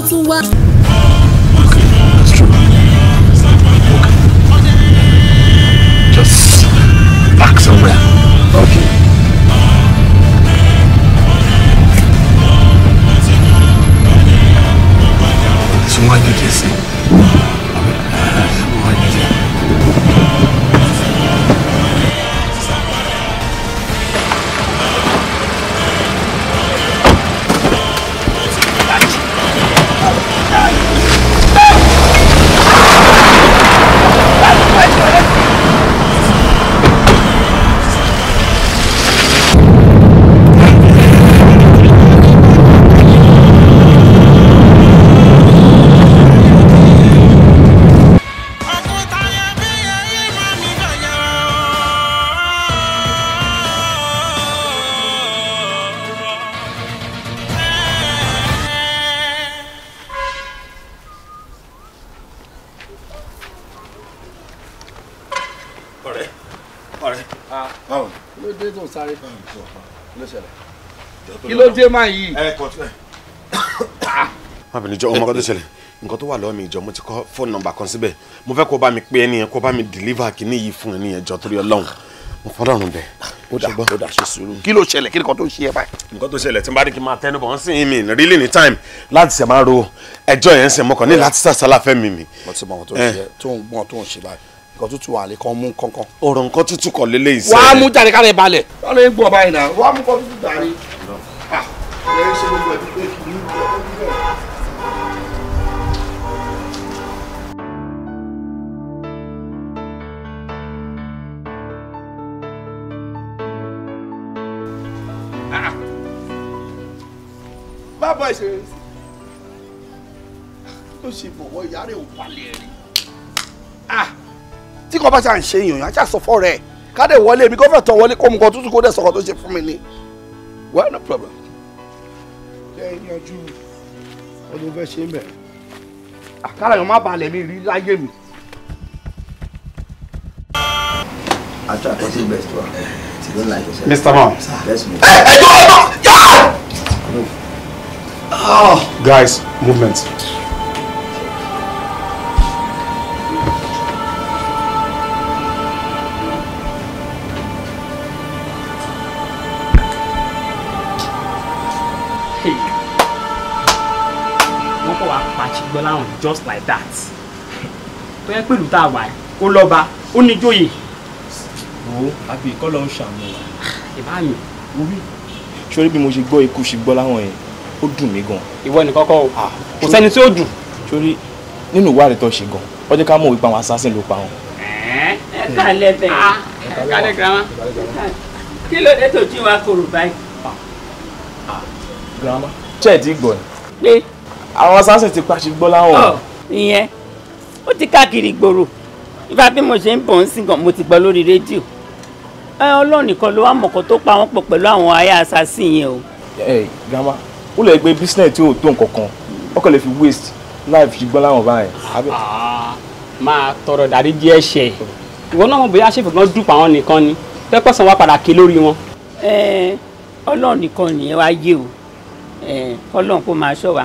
ló tún wá. Just somewhere. Okay. So why did you say? dé máa yìí. ẹ kọ tún ẹ. má bínú jọ ohun ọkọ tó ṣẹlẹ̀ nǹkan tó wà lọ́wọ́ mi ìjọ mo ti kọ́ fóònù nọ́mbà kan síbẹ̀ mo fẹ́ kó bá mi pé ẹni yẹn kó bá mi dìlíva kínní yìí fún ẹni yẹn jọ torí ọlọ́run mo fọ́dọ̀ ọ̀run bẹ̀. ó dà ó dà ṣe sùúrù. kí ló ṣẹlẹ̀ kí nǹkan tó ṣe ẹ báyìí. nǹkan tó ṣẹlẹ̀ tí n bá rí kí n máa tẹnu bọ̀ ń sìn mí ní really ní time láti ṣe máa ro ẹjọ́ yẹn ń sìn mọ́kàn ní láti sàṣàlà fẹ́ mi mi. mo ti mọ tó ń eh. ṣe tó ń gbọ́n tó ń ṣe báyìí lẹ́yìn ṣe gbogbo ẹ̀dùn pé kì í ní Ah, nílẹ̀. bábọ̀ ìṣe ló ṣe bọ̀wọ́ ìyá rẹ̀ ò balẹ̀ Ah, tí kò bá ṣe à ń ṣe èèyàn á ṣe àsọfọ́ rẹ̀ ká dẹ̀ wọlé mi kó fẹ́ tán wọlé kó mu kan tútù kó dẹ̀ sọ̀kọ̀ tó ṣe fún mi ni. well no problem jẹ́ yanjú ọdún fẹ́ ṣe mẹ́ àkàrà yẹn má balẹ̀ mi rí láyé mi. Eh, Mr. man eh, ẹ ẹ ah! guys movement. gbọ́láhùn just like that tó yẹ pẹ̀lú tá a wà ó lọ́ba ó ní jóyè. wo àbí ìkọ́ lọ ń ṣàmù wa. ìbá mi. orí sori bí mo ṣe gbọ́ ikú ṣe gbọ́láhùn yẹn ó dùn mí gan. ìwọ ni kọ́kọ́ o ah, kò sẹ́ni tí ó dùn. sori nínú ìwádìí tó ṣe gan ó jẹ́ ká mọ̀ wípé àwọn assassin ló pa wọn. ẹ ká lẹ́tẹ̀ ah, ẹ ká lẹ́ girama kí ló dé tó jí wa kòrò báyìí. Ah, grandma. ṣé ẹ ti gbọ́ pé àwọn sásìn ti pàṣẹ gbọ́ láwọn. ìyẹn ó ti káàkiri gbòòrò ìfà bí mo ṣe ń bọ̀ ń sìn gan mo ti gbọ́ lórí rédíò ẹ ọlọ́run nìkan ló wà mọ̀kàn tó pa wọ́n pọ̀ pẹ̀lú àwọn aya assassin yẹn o. ẹ grandma ó lè gbé business tí ò tó nǹkan kan ọkọ lè fi waste life ṣe gbọ́n láwọn báyìí. máa tọrọ dàrí díẹ̀ ṣe ìwọ náà mo bóyá ṣèfì gan dùpọ̀ àwọn nìkan ni tẹ́pọ̀sán wa padà ké lórí wọn. ọlọ́run nìkan nìyẹn wá yé o ọlọ́run kó máa ṣọ́ wa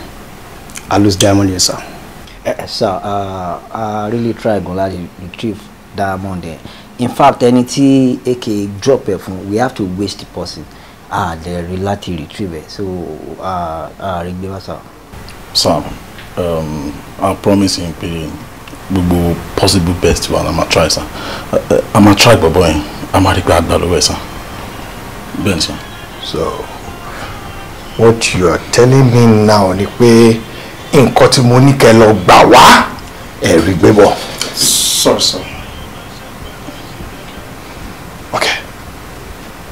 I lose Diamond yẹn sir. ẹ eh, ẹ eh, sir uh, i really try gan láti retrieve diamond yẹn in fact ẹni tí AK drop a phone, we have to waste the person ah dẹ̀ rí láti retrieve so rí gbé wá sir. sir um, i promise him we will possible best one. na ma try sir i eh, ma try but boy, i ma rí pé àgbà sir Ben, sir. so what you are telling me now ni pé. Pe nǹkan tí mo ní kẹ́ lọ gbà wá ẹ̀rí gbé bọ̀. sorry sir. okay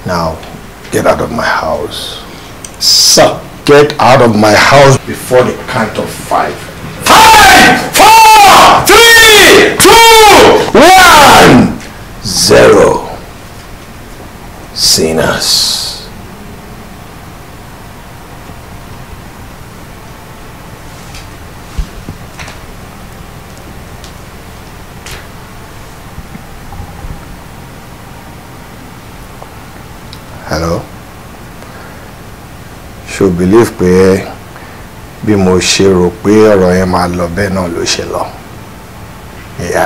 now get out of my house. sir. get out of my house before the count of five. five four three two one zero sinners. hello ṣo believe pé bí mo ṣe rò pé ọ̀rọ̀ yẹn máa lọ bẹ́ẹ̀ náà ló ṣe lọ ìyá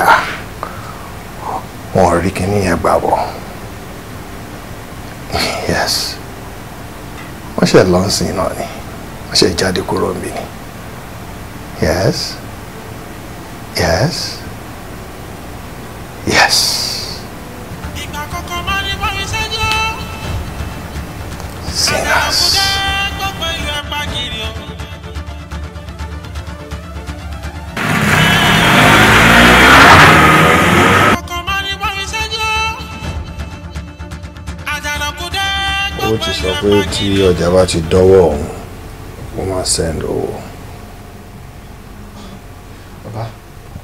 wọn rí kíní yẹn gbà bọ̀ yes wọ́n ṣe lọ́nsìn náà ni wọ́n ṣe jáde kúrò níbí ni yes yes yes. serás. ó ti sọ pé tí ọjà bá ti dọ́wọ́ òun ó máa send owó. bàbá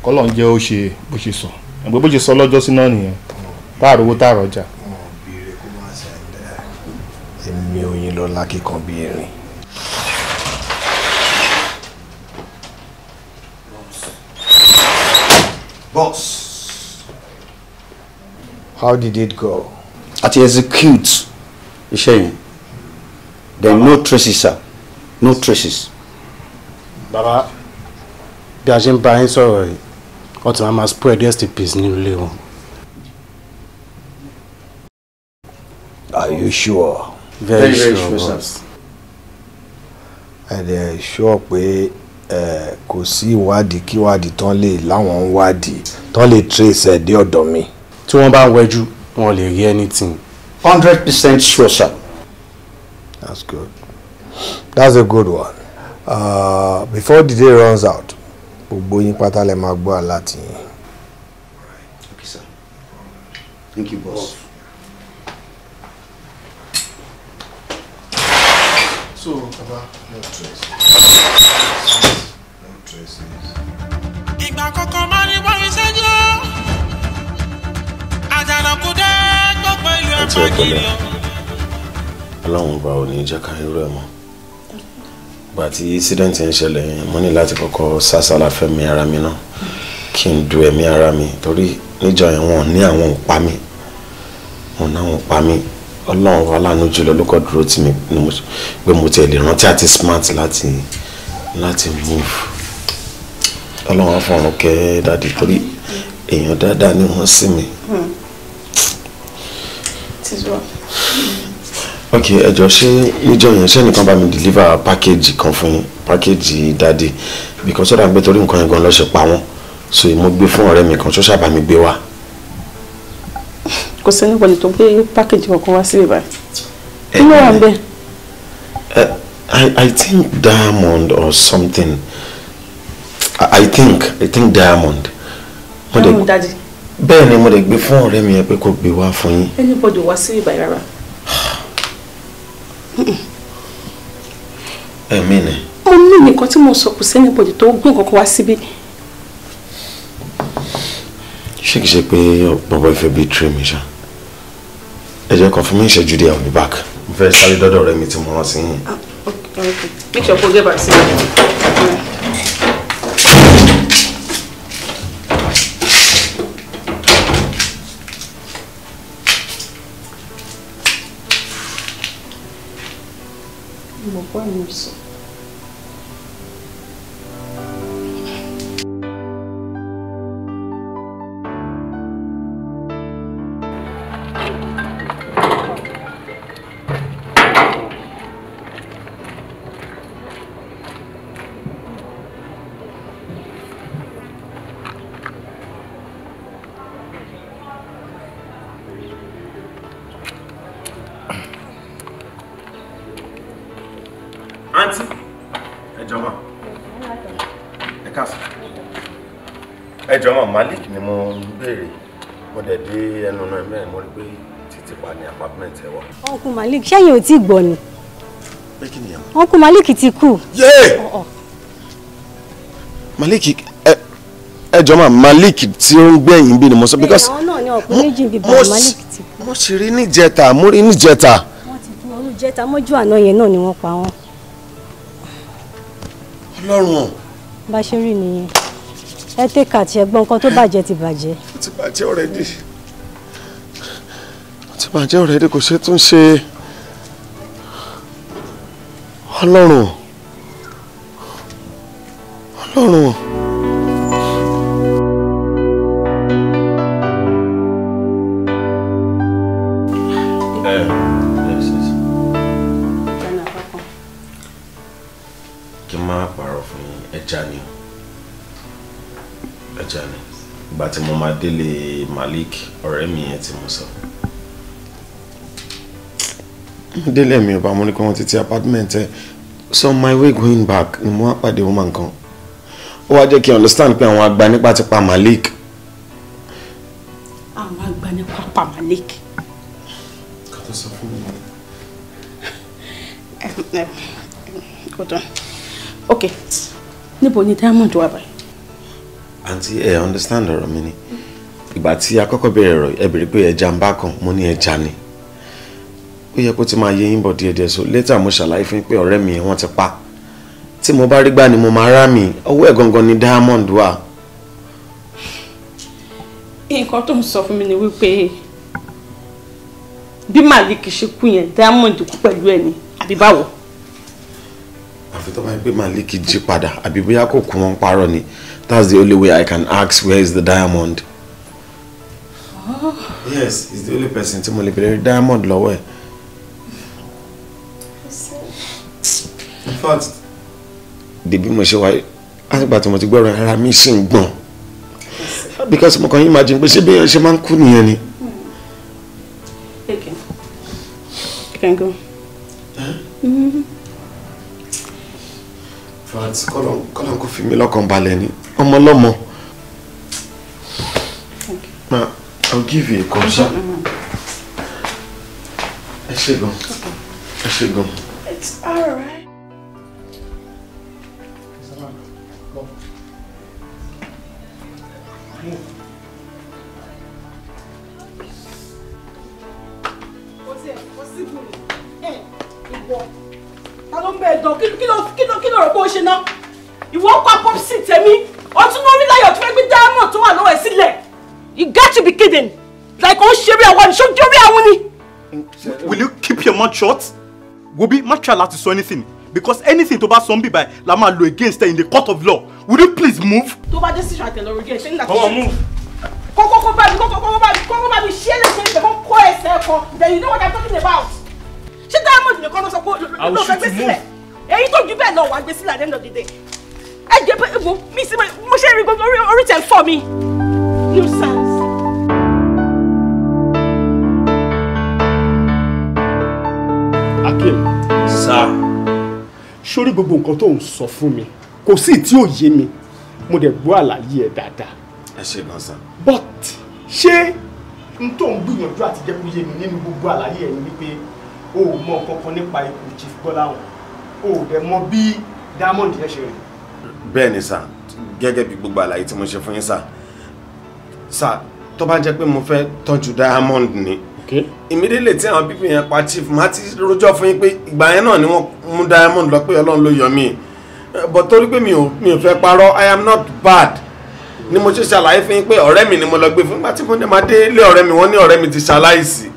kọ́lọ̀ ń jẹ́ ó ṣe bó ṣe sọ ẹ̀gbẹ́ bó ṣe sọ lọ́jọ́ sí náà nìyẹn táàrọ̀ owó táàrọ̀ ọjà mi ò yin lọ́la Boss, how did it go? At execute you yẹn. There are no traces, sir. No traces. Baba, bí a ṣe ń bá yín sọ̀rọ̀ yìí, wọ́n ti máa ma spread STPs nínú ilé Are you sure? very, very sure about ẹ dẹ̀ sure pé eh, kò sí ìwádìí kíwádìí tán lè láwọn ń wádìí tán lè trace ẹ̀ dé ọ̀dọ̀ mi. tí wọ́n bá wẹjú wọn lè rí anything. hundred percent sure sir. that's good that's a good one uh, before the day runs out gbogbo yín pátá lè máa gbọ́ àlá tiyín. okay sir thank you boss. Well, So, Baba, no traces. No traces. Ìgbà kọ̀ọ̀kan máa ní bọ́ iṣẹ́ jẹ́ ọ́. Àjànà kò dé gbogbo ìlú ẹ̀fọ́ kiri o. Ọlọ́run ọba ò ní jẹ́ ká irú ẹ̀ mọ́. Ìgbà tí incident ń ṣẹlẹ̀ mo ní láti kọ́kọ́ sásàlà fẹ́mi ara mi náà kí n du ẹ̀mí ara mi torí níjọ yẹn wọn ní àwọn ò pa mí wọn náà ò pa mí ọlọ́run aláàánú jùlọ ló kọ́ dúró tì mí pé mo tẹ̀lé rántí àti smart láti láti move ọlọ́run afọ̀run kẹ́ dáàdì torí èèyàn dáadáa ni wọ́n sí mi. Hmm. ok ẹjọ ṣé níjọ yẹn ṣé ẹnìkan bá mi deliver package kan fún yín package dáàdì because ó dàgbé torí nǹkan yẹn gan ló ṣe pa wọ́n so mo gbé fún ọ̀rẹ́ mi kan tó ṣàbàmì gbé wá kò sẹ́ni wọlé tó gbé pákéjì kankan wá sí ibà kí ló wà bẹ́ẹ̀. Eh, I, I think diamond or something. I, think I think diamond. Diamond daddy. Bẹ́ẹ̀ ni mo lè gbé fún ọ̀rẹ́ mi yẹn pé kó gbé wá fún yín. Anybody wá sí ìbàyà rárá. Ẹ̀mí ni. Mo ní nìkan tí mo sọ kò sí anybody tó gbé nǹkan kan wá síbí. Si ṣé kìí ṣe pé bàbá ìfẹ́ bíi tíré mi ṣá ẹ jẹ́ kàn fún mi ìṣẹ́jú díẹ̀ I'll be back mo fẹ́ sáré dọ́dọ̀ rẹ mi tí mo rán sí yín. Ah, make sure kó gé bàtí sí i. Bom Malik ṣẹ́yìn ò tí gbọ́ ni. pé kí ni àwọn. uncle Malik ti kú. yéè Malik ẹ ẹ jọ máa Malik tí ó ń gbẹ̀yìn bí ni mo sọ because mo sì rí níjẹta mo rí níjẹta. wọ́n ti dún ọdún jẹta mọ́jú àná yẹn náà ni wọ́n pa wọ́n. ọlọ́run. bá a ṣe rí nìyẹn ẹ tẹ́ka tí ẹgbọ́n kan tó bàjẹ́ ti bàjẹ́. ó ti bàjẹ́ already ó ti bàjẹ́ already kò ṣe tún ṣe ọlọ́run ọlọ́run. Eh, kí n máa pààrọ̀ fún yín ẹja ni ẹja ni ìgbà tí mo máa délé Malik ọ̀rẹ́ mi yẹn tí mo sọ. So délé mi ò bá mọ́ ní pé wọ́n ti ti apartment ẹ̀ so my way going back ni mo wá pàdé woman kan ó wá jẹ́ kí n understand pé àwọn àgbà nípa ti pa Malik. àwọn àgbà nípa pa Malik. kàtó sọ fún hold on ok níbo ni diamond wà báyìí. àǹtí ẹ understand ọ̀rọ̀ mi ni ìgbà tí a kọ́kọ́ bẹ̀rẹ̀ ọ̀rọ̀ ẹ bèrè pé ẹja ń bá kan mo ní ẹja ni ó yẹ kó ti máa yé yín bọ̀ díẹ̀díẹ̀ so later mo ṣàlàyé fún pé ọ̀rẹ́ mi wọ́n ti pa tí mo bá rí gbà ni mo máa rá mi ọwọ́ ẹ̀ gangan ni diamond wà. nǹkan tó ń sọ fún mi ni wípé bí malik ṣe kú yẹn diamond kú pẹ̀lú ẹ̀ ni àbí báwo. àfi tó bá yẹ pé malik jí padà àbí bóyá kò kú wọn parọ́ ni that's the only way i can ask where is the diamond. Oh. yes he's the only person tí mo lè bèrè diamond lọ́wọ́ ẹ̀. in fact. dèbí mo ṣe wáyé látìgbà tí mo ti gbọ́rọ̀ ara mi sì ń gbọ̀n because mo kàn yín imagine pé ṣé bẹ́ẹ̀ ṣe máa ń kú nìyẹn ni. Can go. Huh? Mm-hmm. France kọ́lọ́n kò fi mí lọ́kàn balẹ̀ ni ọmọ lọ́mọ. Ma I will give you a call ṣá. Mm-hmm. Ẹ ṣe gan. Ẹ ṣe gan. It's alright. ṣe ná ìwọ kọ pọpsi tèmi ó tún lórí láyọ̀ tó fẹ́ gbé diamond tó wà lọ́wọ́ ẹ̀ sílẹ̀ you got to be kidding like ó ń ṣeré àwọn ní ṣojú orí àwọn ni. will you keep your mouth shut? wobi má try láti sọ anything because anything tó bá sọ ń bì la máa lo against her in the court of law would you please move. tó bá dé sísun àtẹlọrọ díẹ̀ ṣé ń láti. ọwọ move kókókó bá mi kókókó bá mi kókó bá mi ṣé lẹ́sẹ̀ ìfẹ́ kó kó ẹsẹ̀ kan then you know what I'm talking about. ṣé diamond nìkan ló sọ pé ló fẹ́ gbé sílẹ̀ èyí tó ju bẹ́ẹ̀ lọ wà gbé sílẹ̀ àdéhùn òdìdè ẹ jẹ pé egbò mi sí mo ṣe rí gbogbo orí tẹ̀ ń fọ́ mi nuisance. akim sá sórí gbogbo nǹkan tó ń sọ fún mi kò sí tí ò yé mi mo dẹ̀ gbọ́ àlàyé ẹ̀ dáadáa. ẹ ṣe gan sa. but ṣé n tó ń gbìyànjú àti jẹ́ kó yé mi nínú gbogbo àlàyé ẹ̀ ni wípé o ò mọ nǹkan kan nípa ikú Chief Gbọ́láhàn o ò dẹ̀ mọ bí diamond yẹn ṣe rìn. bẹ́ẹ̀ ni sà gẹ́gẹ́ bí gbogbo àlàyé tí mo ṣe fún yín sà sà tó bá jẹ́ pé mo fẹ́ tọ́jú diamond ni immediately tí àwọn pípín yẹn pa chief má ti rojọ́ fún yín pé ìgbà yẹn náà ni wọ́n mú diamond lọ pé ọlọ́run ló yọ mí but torí pé mi ò fẹ́ parọ́ i am not bad ni mo ṣe ṣàlàyé fún yín pé ọ̀rẹ́ mi ni mo lọ gbé fún nígbà tí mo dé máa dé ilé ọ̀rẹ́ mi wọ́n ní ọ̀rẹ́ mi ti ṣaláìsí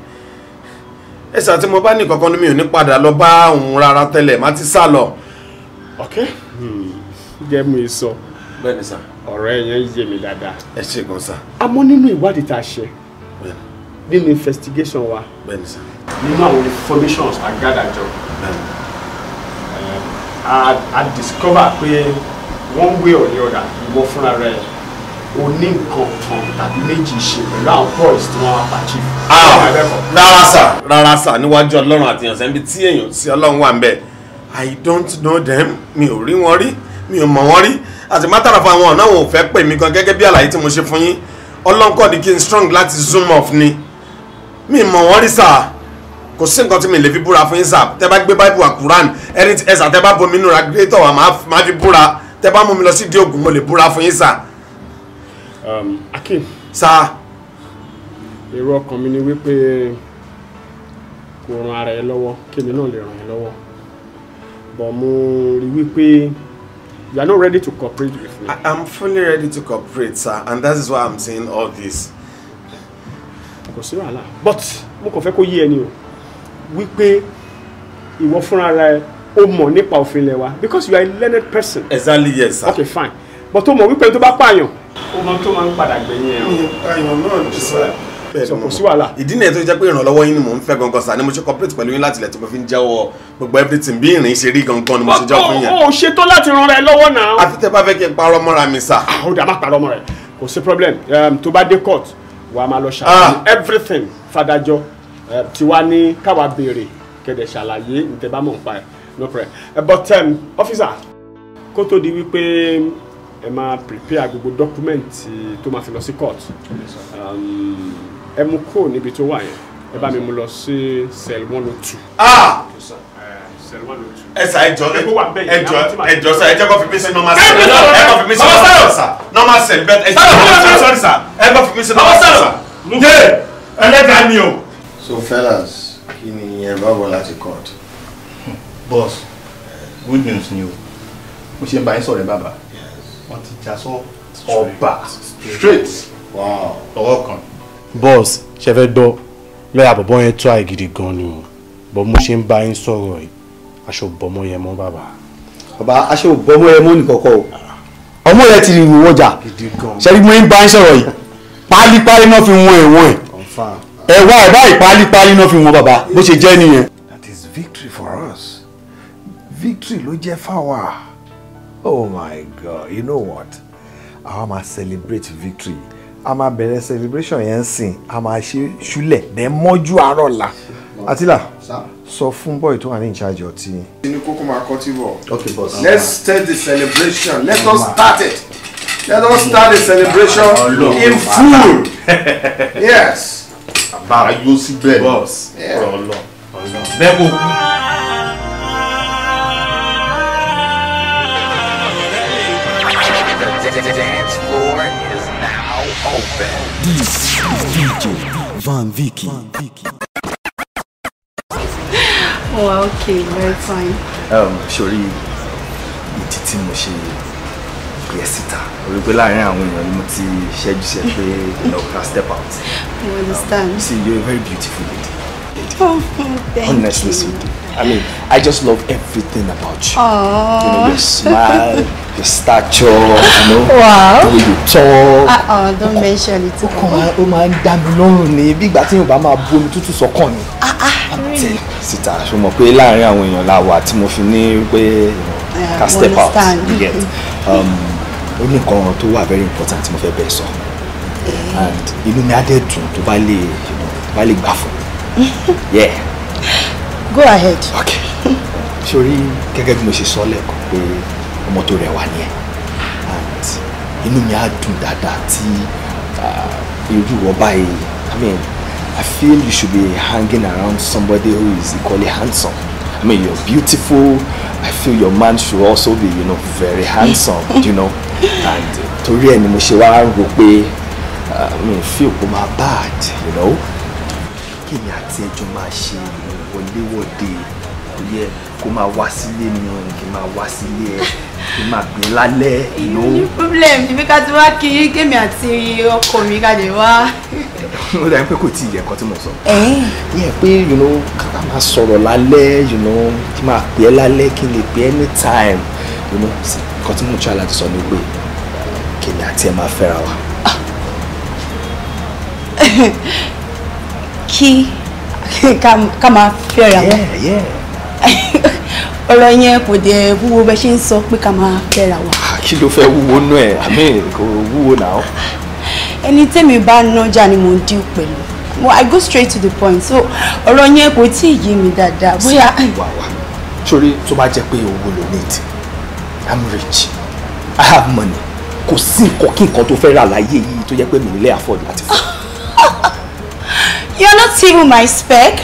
ẹsẹ̀ àti mo bá ní kankan ní mi ò ní padà lọ bá òun rárá tẹ́lẹ̀ má ti sá lọ. ok hmm, jẹ́ mi sọ bẹ́ẹ̀ ni sà ọ̀rọ̀ yẹn yé mi dáadáa. ẹ ṣe gan sà. àmọ́ nínú ìwádìí tá a ṣe nínú investigation wa bẹ́ẹ̀ ni sà nínú àwọn informations àgádájọ eh, a discover pé one way or the other ìwọ fúnra rẹ̀ o nǹkan kan tàbí méjì ṣe pẹ̀lú àwọn boys tí wọ́n apàjì. rárá sà rárá sà níwájú ọlọ́run àti ìyànsẹ́ níbi tí èèyàn sí ọlọ́run wà ń bẹ̀ i don't know them mi ò rí wọn rí mi ò mọ̀ wọn rí àti mátàrà fún àwọn ọ̀nà àwọn ò fẹ́ pè mí gan gẹ́gẹ́ bí àlàyé tí mo ṣe fún yín ọlọ́nkọ́ ni kí n strong láti zoom off ni mi mọ̀ wọ́n rí sà kò sí nǹkan tí mi lè fi búra fún yín sà tẹ bá gbé báìbù àkùrán ẹni ẹ̀sà tẹ bá bomi nura gírétọ̀ wà máa fi búra tẹ bá mú mi lọ sí ìdí ògùn mo lè búra fún yín sà Um, Akin. Sá. Èrò ọkàn mi ni wípé kò ran ara ẹ lọ́wọ́ kémi náà lè ràn ẹ lọ́wọ́. But mo rí wípé you are not ready to cooperate with me. I am fully ready to cooperate, sir, and that is why I am saying all this. Kò sí wàhálà. But mo kàn fẹ́ kó yé ẹni o wípé ìwọ fúnra rẹ o mọ̀ nípa òfin ilẹ̀ wa because you are a learned person. Exactly, yes, sir. Okay, fine. But o mọ̀ wípé tó bá pààyàn ọmọ tó máa ń padà gbẹ̀yìn ẹ̀. Hmm, ayọ̀ náà ti sọ sọ kò sí wàhálà. ìdí nìyẹn tó jẹ́ pé ìrànlọ́wọ́ yín ni mò ń fẹ́ gangan sa ni mo ṣe cooperate pẹ̀lú yín láti ilẹ̀ tí mo fi ń jẹ́wọ́ gbogbo everything bí ìrìn ṣe rí gangan ni mo ṣe jẹ́ fún yẹn. o ṣetán láti ran rẹ lọ́wọ́ náà. àfi tẹ́ bá fẹ́ kí n parọ́ mọ́ra mi sà. Ah, ó dà má parọ́ mọ́ rẹ̀ kò sí problem tó bá dé court wà á máa lọ ṣàlàyé ah. everything fàdájọ́ tí wàá ní káwa béèrè kẹ̀dẹ̀ no problem but um, officer kó tó di wípé ẹ máa prepare gbogbo document tó máa fi lọ sí court ẹ mú kó níbi tó wà yẹn ẹ bá mi mú lọ sí cell one oh two. ẹsà ẹjọ ẹjọ ẹjọ sà ẹjẹ kọfí mi sí normal cell ẹ kọfí mi sí normal cell normal cell bẹ́ẹ̀ ẹjọ kọfí mi sí sà ẹ kọfí mi sí normal cell yé ẹlẹ́gàá ni o. so fellas kí ni ẹ bá wọ láti court. boss good news ni o mo ṣe ń bá yín sọ̀rọ̀ ẹ bàbá wọ́n ti já sọ ọba straight ọwọ́ kan. boss ṣe fẹ́ gbọ́ lọ́yà bọ̀bọ́ yẹn tó àìgidi gan ni o bọ́ mo ṣe ń bá yín sọ̀rọ̀ yìí aṣọ bọ́mọ yẹn mọ́ bàbá. bàbá aṣọ bọ́mọ yẹn mọ́ nìkọ̀kọ̀ o ọmọ yẹn ti rìn wọ́jà ṣe bí mo ń bá yín sọ̀rọ̀ yìí pálípálí náà fi wọn ẹ̀wọ̀n ẹ̀ ẹ̀wọ̀n ẹ̀ báyìí pálípálí náà fi wọn bàbá bó ṣe jẹ́ nìyẹn. that is victory for us victory ló jẹ́ fáwa oh my god you know what àwa máa celebrate victory a máa bẹ̀rẹ̀ celebration yẹn sìn a máa ṣe ṣúlẹ̀ dẹ̀ mọ́jú àárọ̀ la àtìlà sọ fún boy tó wà ní ìcharge ọtí. inú kókó máa kọ́ tí bọ̀. okay boss. let's start the celebration let us start it let us start the celebration in full yes. àbára yóò sí bẹ́ẹ̀ ni boss ọlọ ọlọ bẹ́ẹ̀ kò kú. This is DJ Van Vicky. Oh, okay, very fine. Um, Ṣorí, ìdí tí mo ṣe yẹ e síta. Orí pé láàárín àwọn èèyàn ni mo ti ṣẹ́jú sí ẹ pé step out. I understand. Um, see, you're a very beautiful lady. Honestly, Cindy, I mean, I just love everything about you. Aww. You know, your oh. smile, your stature, you know, wow. the way you talk. Uh uh, don't mention it. Oh kàn máa ó máa ń dá Big lọ́rùn ni bí ìgbà tí Yorùbá máa bu Ah ah, really? Sita, ṣo mọ̀ pé láàárín àwọn èèyàn la wà tí mo fi ní pé ká step out you get. Um, only nǹkan to what very important tí mo fẹ́ bẹ́ẹ̀ sọ. Eh. And you know, á dẹ̀ to Bali. You know, Bali baffle. yeah. go ahead. okay sori gẹ́gẹ́ bí mo ṣe sọ lẹ́ẹ̀kan pé ọmọ tó rẹwà ni ẹ and inú mi á dùn dáadáa tí irú ọba yìí i mean i feel you should be hanging around somebody who is equally handsome i mean you're beautiful i feel your man should also be you know very handsome you know and torí ẹ ni mo ṣe wá rò pé i mean feel kò máa bad you know kémi àti ẹjọ́ máa ṣe ìwọléwọ̀de ìyẹ kó máa wá sílé mi ò kí máa wá sílé ẹ kí máa gbé lálẹ́ ìlú. ìlú problem ni bí ká ti wá kí kémi àti ọkọ mi ká lè wá. ó dàbí pé kò tí ì yẹ ẹ̀kọ́ tí mo sọ. yẹ pé ká máa sọ̀rọ̀ lálẹ́ kí máa pè é lálẹ́ kí n lè pè é anytime nǹkan tí mo ṣe aláàtì sọ ni pé kémi àti ẹ máa fẹ́ra wa. kí ká máa fẹ́ra wọn ọ̀rọ̀ yẹn kò dẹ̀ wúwo bẹ́ẹ̀ ṣe ń sọ pé ká máa fẹ́ra wa. Ah, kí ló fẹ́ wúwo nú ẹ̀ àmì kò wúwo náà. ẹni tẹ́mi bá nájà ni mò ń dín pẹ̀lú well i go straight to the point so ọ̀rọ̀ yẹn kò tí ì yé mi dáadáa bóyá. wà wá sórí tó bá jẹ́ pé owó ló ní ti i'm rich i have money kò sí nǹkan kí nǹkan tó fẹ́ rà láyé yìí tó jẹ́ pé mi nílé afford láti fún. You're not even my spec.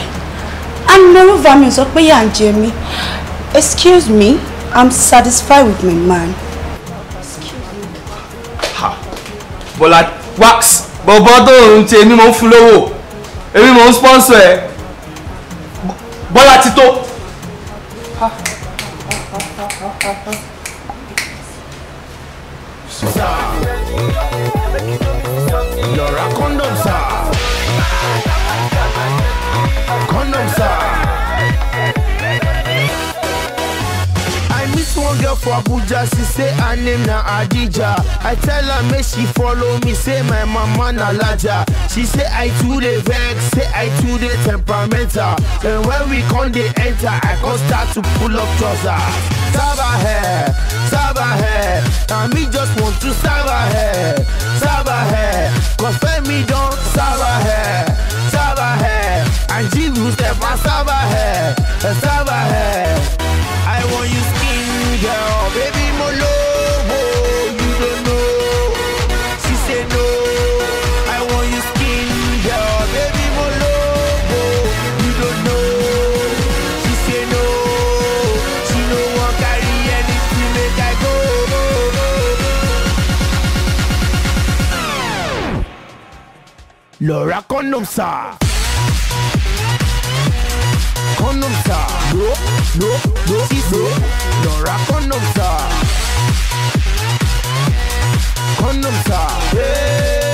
And moreover, mi ò sọ pé ìyà ń Excuse me, I'm satisfied with my man. Bọ́lá wax bọ̀bọ̀ tó ń ṣe èmi mò ń fún lówó èmi mò ń sponsor ẹ̀ Bọ́lá ti tó. Sorry. for Abuja, she say her name na Adija. I tell her make she follow me, say my mama na laja. She say I too the vex, say I too the temperamental. And when we come they enter, I go start to pull up trousers. Saba hair, saba hair, and me just want to saba hair, saba hair. Cause Femi don saba hair, saba hair, and Jibu step on saba hair, eh, saba hair. I want you girl, oh, baby, my love, oh, you don't know. She said no, I want your skin, girl, baby, my love, oh, you don't know. She said no, she no one carry anything make I go. Laura Condom, sir. Konum Star. Bro, bro, bro, bro. Dora Konum Star. Hey.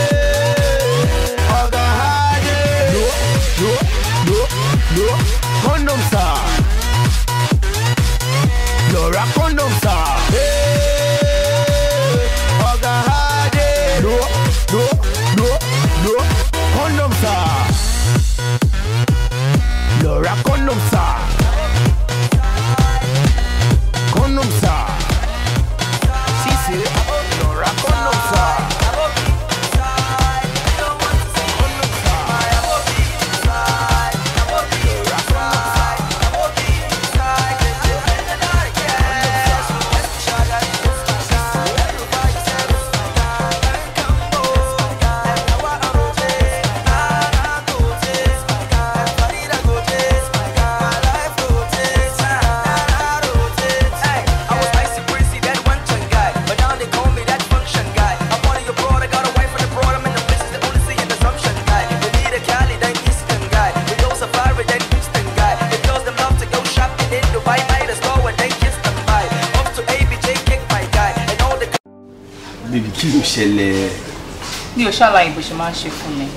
ṣe fún mi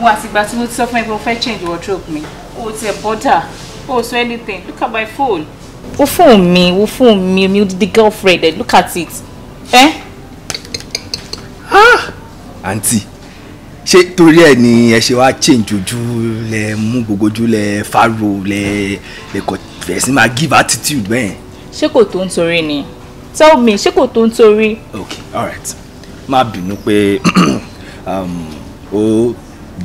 wọn àtìgbà tí mo ti sọ fún ẹ pé mo fẹ́ change wardrobe mi o ò tiẹ̀ bọ́dà o ò sọ anything look at my phone. wo fóònù mi wo fóònù mi mi the girlfriend eh, look at it. Eh? Ah! àǹtí ṣé torí ẹ ni ẹ ṣe wá change ojú lẹ mú gbogbo ojú lẹ faro lẹ lẹ kọ fẹ sí máa give attitude bẹ́ẹ̀. ṣé kò tó ń torí ni tell me ṣé kò tó ń torí. ok alright má bínú pé ó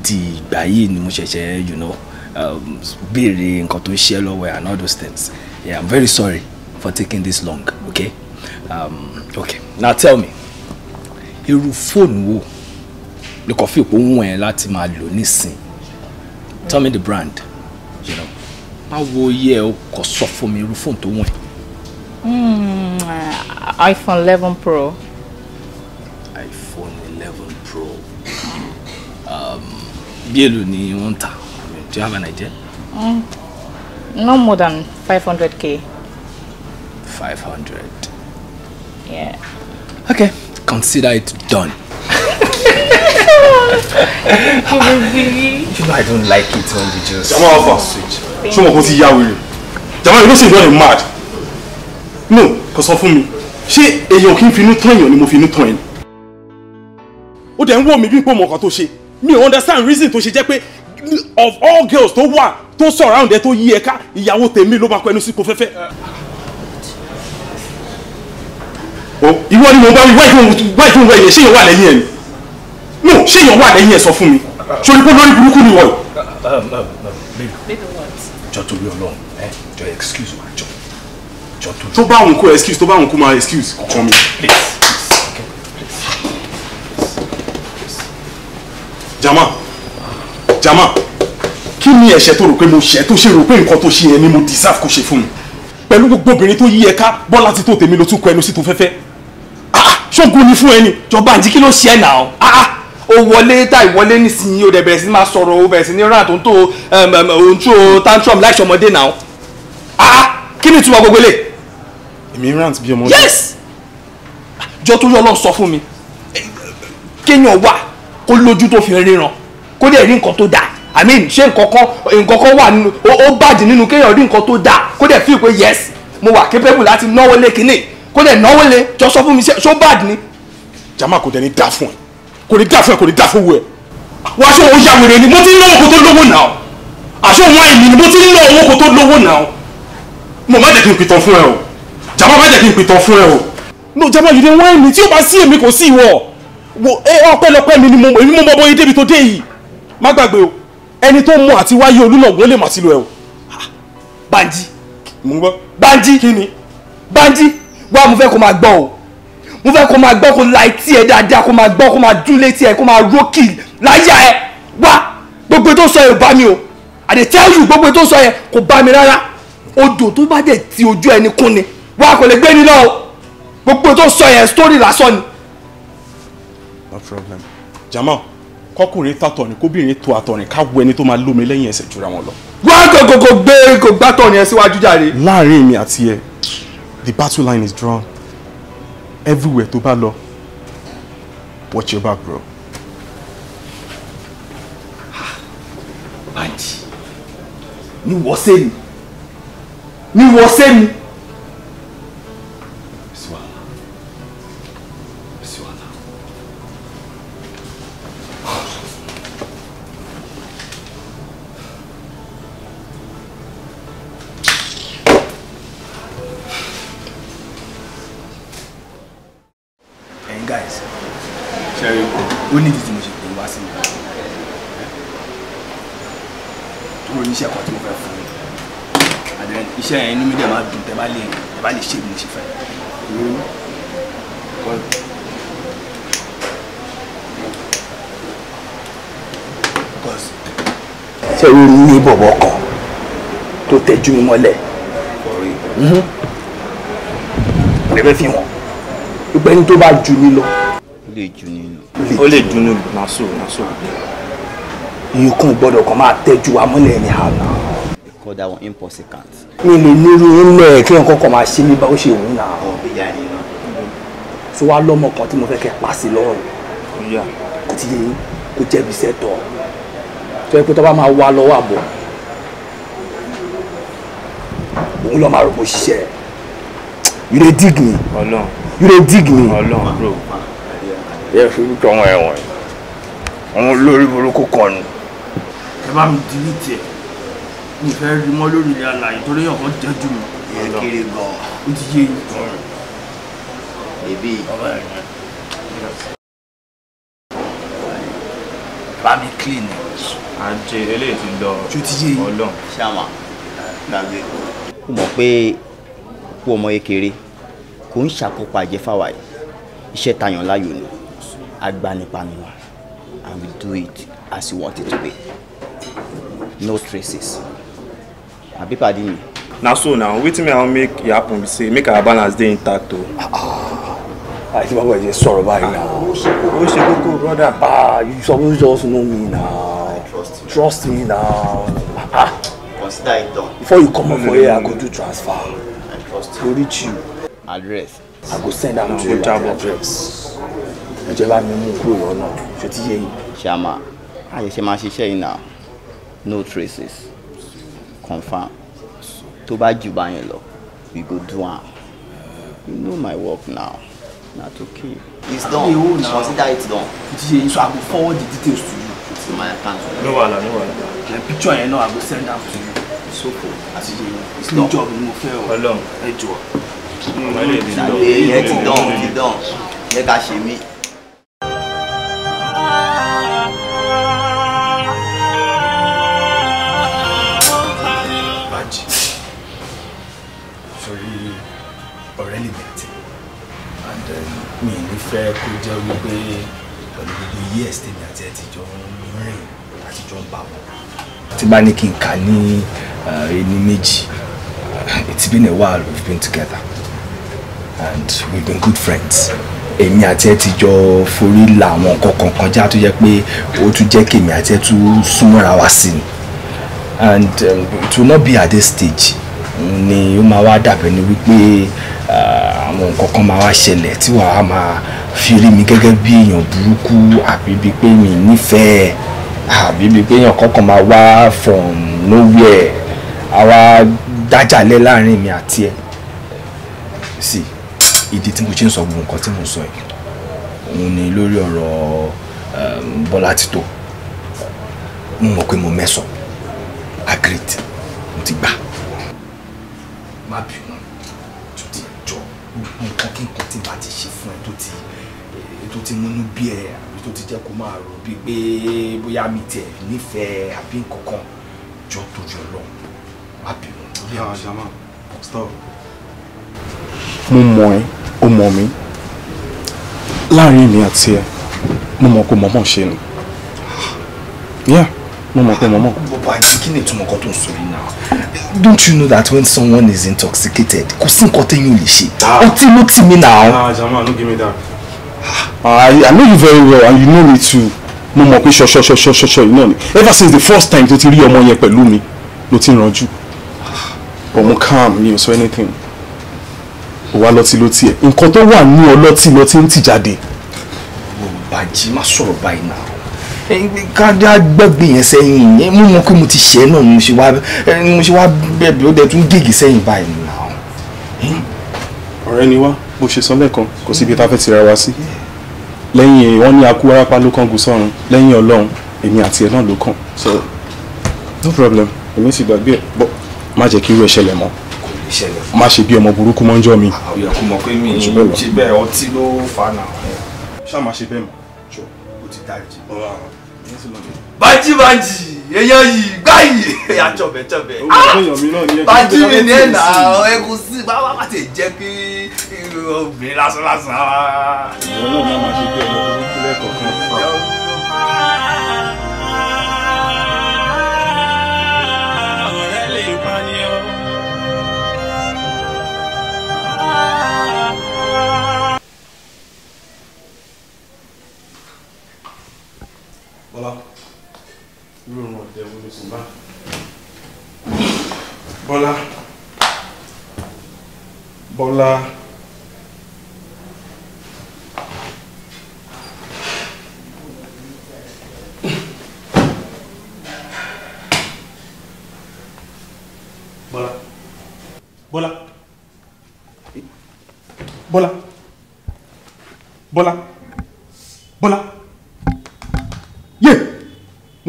di ìgbà yìí ni mo ṣẹ̀ṣẹ̀ you know um, béèrè nǹkan tó ṣe lọ́wọ́ and all those things yeah i'm very sorry for taking this long okay um, okay now tell me irú fóònù wo ni kò fi òpó wọ̀n ẹ́ láti máa lò nísìn tell me the brand you know má wo iye ẹ kò sọ fún mi irú fóònù tó wọ̀n hmm, iPhone eleven pro. iPhone eleven pro. Um, bí èlò ni wọ́n ń do you have an idea. Mm. no more than five hundred k. five hundred. yeah. okay consider it done. you know I don't like it when we just. Jama Alpha, switch. of us here you Jama, you know say you don dey mad. No, kò sọ fún mi. Ṣé èèyàn kì í finú tán èèyàn ni mo finú tán ẹ̀? Ó dẹ̀ ń wò mí bí n mi ò understand reason tó ṣe jẹ́ pé of all girls tó wà tó surround ẹ tó yí ẹ ká ìyàwó tèmi ló máa kọ ẹnu sí kò fẹ́fẹ́. ìwọ ni mo bá wí wáyé tó ń wẹ̀ yẹn ṣé èèyàn wà lẹ́yìn ẹ̀ ni no ṣé èèyàn wà lẹ́yìn ẹ̀ sọ fún mi sori pé lórí burúkú ni wọ̀nyí. jọ torí Ọlọ́run jọ excuse wa jọ. tó bá òun kó excuse tó bá òun kó máa excuse kàn please. jama jama kí ni ẹ̀ṣẹ̀ tó rò pé mo ṣẹ̀ tó ṣe rò pé nǹkan tó ṣe yẹn ni mo deserve kó ṣe fún mi pẹ̀lú gbogbo obìnrin tó yí ẹ ká bọ́lá ti tó tèmi ló tún kọ ẹnu sí tó fẹ́fẹ́ ah, ṣógun ni fún ẹni. jọba àǹtí kí ló ṣe ẹ nà ọ. o wọlé tá ìwọlé nísìnyí o dẹ̀ bẹ̀rẹ̀ sí máa sọ̀rọ̀ o bẹ̀rẹ̀ sí ní ràn tó ń tó ohun tó tantrum láì ṣọmọdé nà ọ. Ah, ah, kí ni ìtumọ̀ gbogbo lè. èmi rant bí ọmọdé. yes jọ tó yọ ọlọ́run sọ fún mi kéèyàn wà kó lójú tó fi ríran kó dẹ̀ rí nǹkan tó dáa i mean ṣé nǹkan kan nǹkan kan wà nínú ó bàjẹ́ nínú kéèyàn rí nǹkan tó dáa kó dẹ̀ feel pé yes mo wà capable láti náwó lé kínní kó dẹ̀ náwó lé jọ sọ fún mi ṣó bad ni. jama kò tẹ́ni dá fún ẹ kò ní dá fún ẹ kò ní dá fún wẹ. wá aṣọ òun yàwèrè ni mo ti ń lọ owó kó tó lówó náà aṣọ òun àìní ni mo ti ń lọ owó kó tó lówó náà. mo má jẹ́ kí n pìtàn fún ẹ o jama má jẹ́ kí n pìtàn fún ẹ o. no jama you dey whine me tí o bá sí èmi kò sí ìwọ wo ẹ ọpẹ́lọpẹ́ mi ni mo èmi mo mọ bóyá débi tó dé yìí má gbàgbé o ẹni tó mọ àti wáyé olúmọ̀gbọ́n lè mà sílò ẹ o Banji mo ń gbọ́ Banji kí ni Banji wá mo fẹ́ kó máa gbọ́ o mo fẹ́ kó máa gbọ́ kó la etí ẹ dáadáa kó máa gbọ́ kó máa dún létí ẹ kó máa rókì láyà ẹ wá gbogbo tó sọ yẹ bá mi o I dey tell you gbogbo tó sọ yẹ kò bá mi rárá odò tó bá dẹ̀ ti ojú ẹni kún ni wá kò lè gbé ni lọ o gbogbo tó sọ yẹ story lásán ni no problem. Jamal kọkùnrin tàtọ̀rìn kóbìnrin tó àtọ̀rìn ká wo ẹni tó máa lómi lẹ́yìn ẹsẹ̀ jura wọn lọ. wọ́n gògògò gbé kò gbá tọ̀rìn ẹ síwájú jàre. láàrin mi àti ẹ the battle line is drawn everywhere tó bá lọ watch your back bro. báńkì ah, ni wọ́n sẹ́ni ni wọ́n sẹ́ni. mọ́lẹ̀ lẹ́fẹ́ mhm. fi hàn pípẹ́ ní tó bá jù ní lọ. ó lè jù ní lọ ó lè jù ní lọ naso naso. ikú gbọ́dọ̀ kan máa tẹ́jú amúlẹ̀ ní àná. call that one impossible. mi lè nírú ilẹ̀ kí nǹkan kan máa ṣe mí bá ó ṣe òun náà. ìyá yìí náà. tó wá lọ́mọ kan tí mo fẹ́ kẹ́ pa sí kò tí kò jẹ́bi sẹ́tọ̀ tó pé tó máa wá lọ́wọ́ àbọ̀ òun lọ́ọ́ máa rò kó ṣiṣẹ́ you dey dig me you dey dig me. ọlọ́run bro yẹ fi orúkọ wọn ẹ̀wọ̀n àwọn olórí burúkú kan nù. ẹ bá mi dìrí tiẹ̀ mi fẹ́ rí mọ́ lórí ilé àlàyé torí ọ̀kan jẹ́ jù mí. ẹ kéré gan-an ó ti yé yín. bèbí ọba ẹ̀ yẹn bá mi clean. àjẹ eléyìí ti lọ ọlọ́run. ṣé àwọn gbàgbé kò mọ̀ pé kú ọmọ kékeré kò ń ṣàkópa ìjẹ́fàwà yìí iṣẹ́ tayàn láyò ni agbanipami wa and we do it as we want it to be no traces àbí pàdé mi. na so na wetin me i wan make e happen be say make our balance dey intact o. Ah, ah, ah. àti bàbá ìjẹ sọ̀rọ̀ báyìí náà. ó ṣe kókó brother. ah you suppose just know me now trust me now consider it done. Before you come over here, I go do transfer. I trust you. Go reach you. Address. I go send out to your address. Ìjọba mi mú kúrò lọ́nà, ṣe ti yé yìí. Ṣàmà, àyè ṣe no traces, Confirm. To buy jù bá we go do one. You know my work now, na to kill. It's done, consider it done. So I go forward the details to you to my account. No wahala, no wahala. The picture yẹn know I will send out to you. So cool. Yeye. Ìsìn job ni mo fẹ́ o. Ọlọ́run. Ẹ jọ. Ṣàlẹ̀ yẹn ti dán ti dán. Yẹ ká ṣe mí. Bàjẹ́ sórí ọ̀rẹ́ lè bẹ̀tẹ̀. And uh, mi ò ní fẹ́ kó jẹ́ wípé pẹ̀lú gbogbo rìn àtijọ́ gbà wọ́n tí bá ní kí n kà ní ẹni méjì it's been a while we've been together and we've been good friends èmi àti ẹ ti jọ forí la àwọn nǹkan kan kọjá tó jẹ́ pé ó tún jẹ́ kèmi àti ẹ tún súnmọ́ra wa sí ni and um, it will not be at this stage ni ó máa wá dàbẹ̀ ni wípé àwọn nǹkan kan máa wá ṣẹlẹ̀ tí wàá máa fi rí mi gẹ́gẹ́ bí èèyàn burúkú àbí bíi pé mi nífẹ̀ẹ́ àbí bíi pé èèyàn kankan máa wá from nowhere àwa dájàlẹ̀ láàrin mi àti ẹ̀ sí ìdí tí mo ṣe ń sọ gbogbo nǹkan tí mo sọ yìí òun ni lórí ọ̀rọ̀ ehm, Bọ́lá Tító mo mọ̀ pé mo mẹ́sàn agreed mo ti gbà má bínú tó ti jọ gbogbo nǹkan kí nǹkan tí bá ti ṣe fún ẹ tó ti tó ti múnú bí ẹ àbí tó ti jẹ́ kó máa rò bíi pé bóyá mi tiẹ̀ nífẹ̀ẹ́ àbí nkankan jọ tójú ọlọ́run má bínú. mo mọ̀ ẹ́ o mọ̀ mí láàrin èmi àti ẹ mo mọ̀ kó mọ̀mọ́ ṣe ni yeah mo mọ̀ pé mọ̀mọ́. bọ́bá àti kí ni ìtumọ̀ kan tó ń sọ yìí náà don't you know that when someone is intoxicated kò sí nǹkan téyàn ò lè ṣe ọtí ah. ló tì mí náà. ah jama no give me that. I, I know you very well and you know me too mo mọ̀ pé ṣọṣọṣọṣọṣọ yìí náà ni ever since the first time tó ti rí ọmọ yẹn pẹ̀lú mi ló ti rànjú but mo calm mi ò sọ anything ò wá lọ́tí ló tiẹ̀ nǹkan tó wà ní ọlọ́tí ló ti ń tì jáde. bàjẹ́ má sọ̀rọ̀ báyìí náà kájá gbẹ́gbẹ́ yẹn sẹ́yìn yẹn mú mọ́ pé mo ti ṣe é náà ni mo ṣe wá mo ṣe wá bẹ̀bẹ̀ ó dẹ̀ tún gègé sẹ́yìn báyìí náà. ọ̀rẹ́ ni wá bó ṣe sọ lẹ́ẹ̀kan kò síbi tá a fẹ́ tira wa sí lẹ́yìn wọn ní akú arápá ló kángun sọ́run lẹ́yìn ọlọ́run èmi àti ẹ̀ náà ló kàn so no problem èmi sì gbàgbé ẹ̀ bọ́ má jẹ́ kí irú ẹ̀ ṣẹlẹ̀ mọ́ má ṣe bí ọmọ burúkú mọ́ ń jọ́ mi. àwòyẹ kò èèyàn yìí gbáyìí àjọbẹ jọbẹ bàjírí ni ẹ nà ẹkùn sí báwa bá ti jẹ obìnrin lásán lásán. ìyọ́nà máa ma ṣe bí ẹ̀rọ kúlẹ̀ kọ̀ọ̀kan.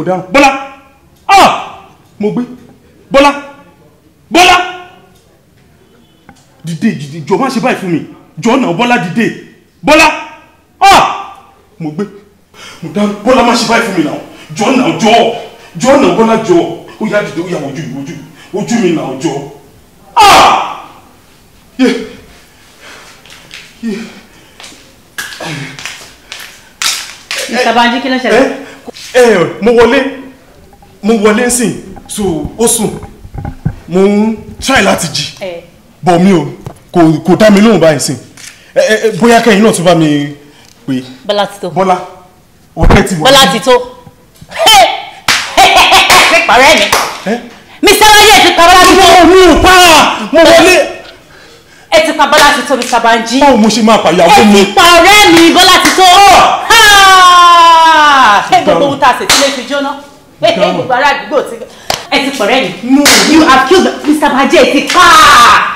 dáhùn bọ́lá ah mo gbé bọ́lá bọ́lá dìde dìde jọ má ṣe báyìí fún mi jọ náà bọ́lá dìde bọ́lá ah mo gbé mo dáhùn bọ́lá má ṣe báyìí fún mi náà jọ náà jọ jọ náà bọ́lá jọ ó yá dìde ó yá ojú mi ojú ojú mi náà jọ ah yé yé. Mr. Banji kí ló ṣẹlẹ̀? Eh? ẹ eh, eh, mo wọlé mo wọlé sìn so ó sùn mo ń try láti jí eh. bọ̀ mi ò kò kò dá mi lóhùn báyìí sìn bóyá kẹ́yìn náà tún bá mi pè. bọ́lá ti tó bọ́lá ọ̀tẹ́ ti wọlé bọ́lá ti tó pàrẹ́ mi mi sẹ́wáyé ẹ̀ ti pa bọ́lá ti tó. mi ò pa mo wọlé. ẹ ti pa bọ́lá ti tó mi Ṣàbànjí. báwo mo ṣe máa pàyàwó mi. ẹ ti pa ọ̀rẹ́ mi bọ́lá ti tó. Ah! Ah! ṣé gbogbo ohun tá a ṣe sílé fi jóná ẹ ẹ gbogbo ará àdúgbò ti ẹ ti pọ̀rẹ́ ni. no you have killed Mr. bajẹ ti pa.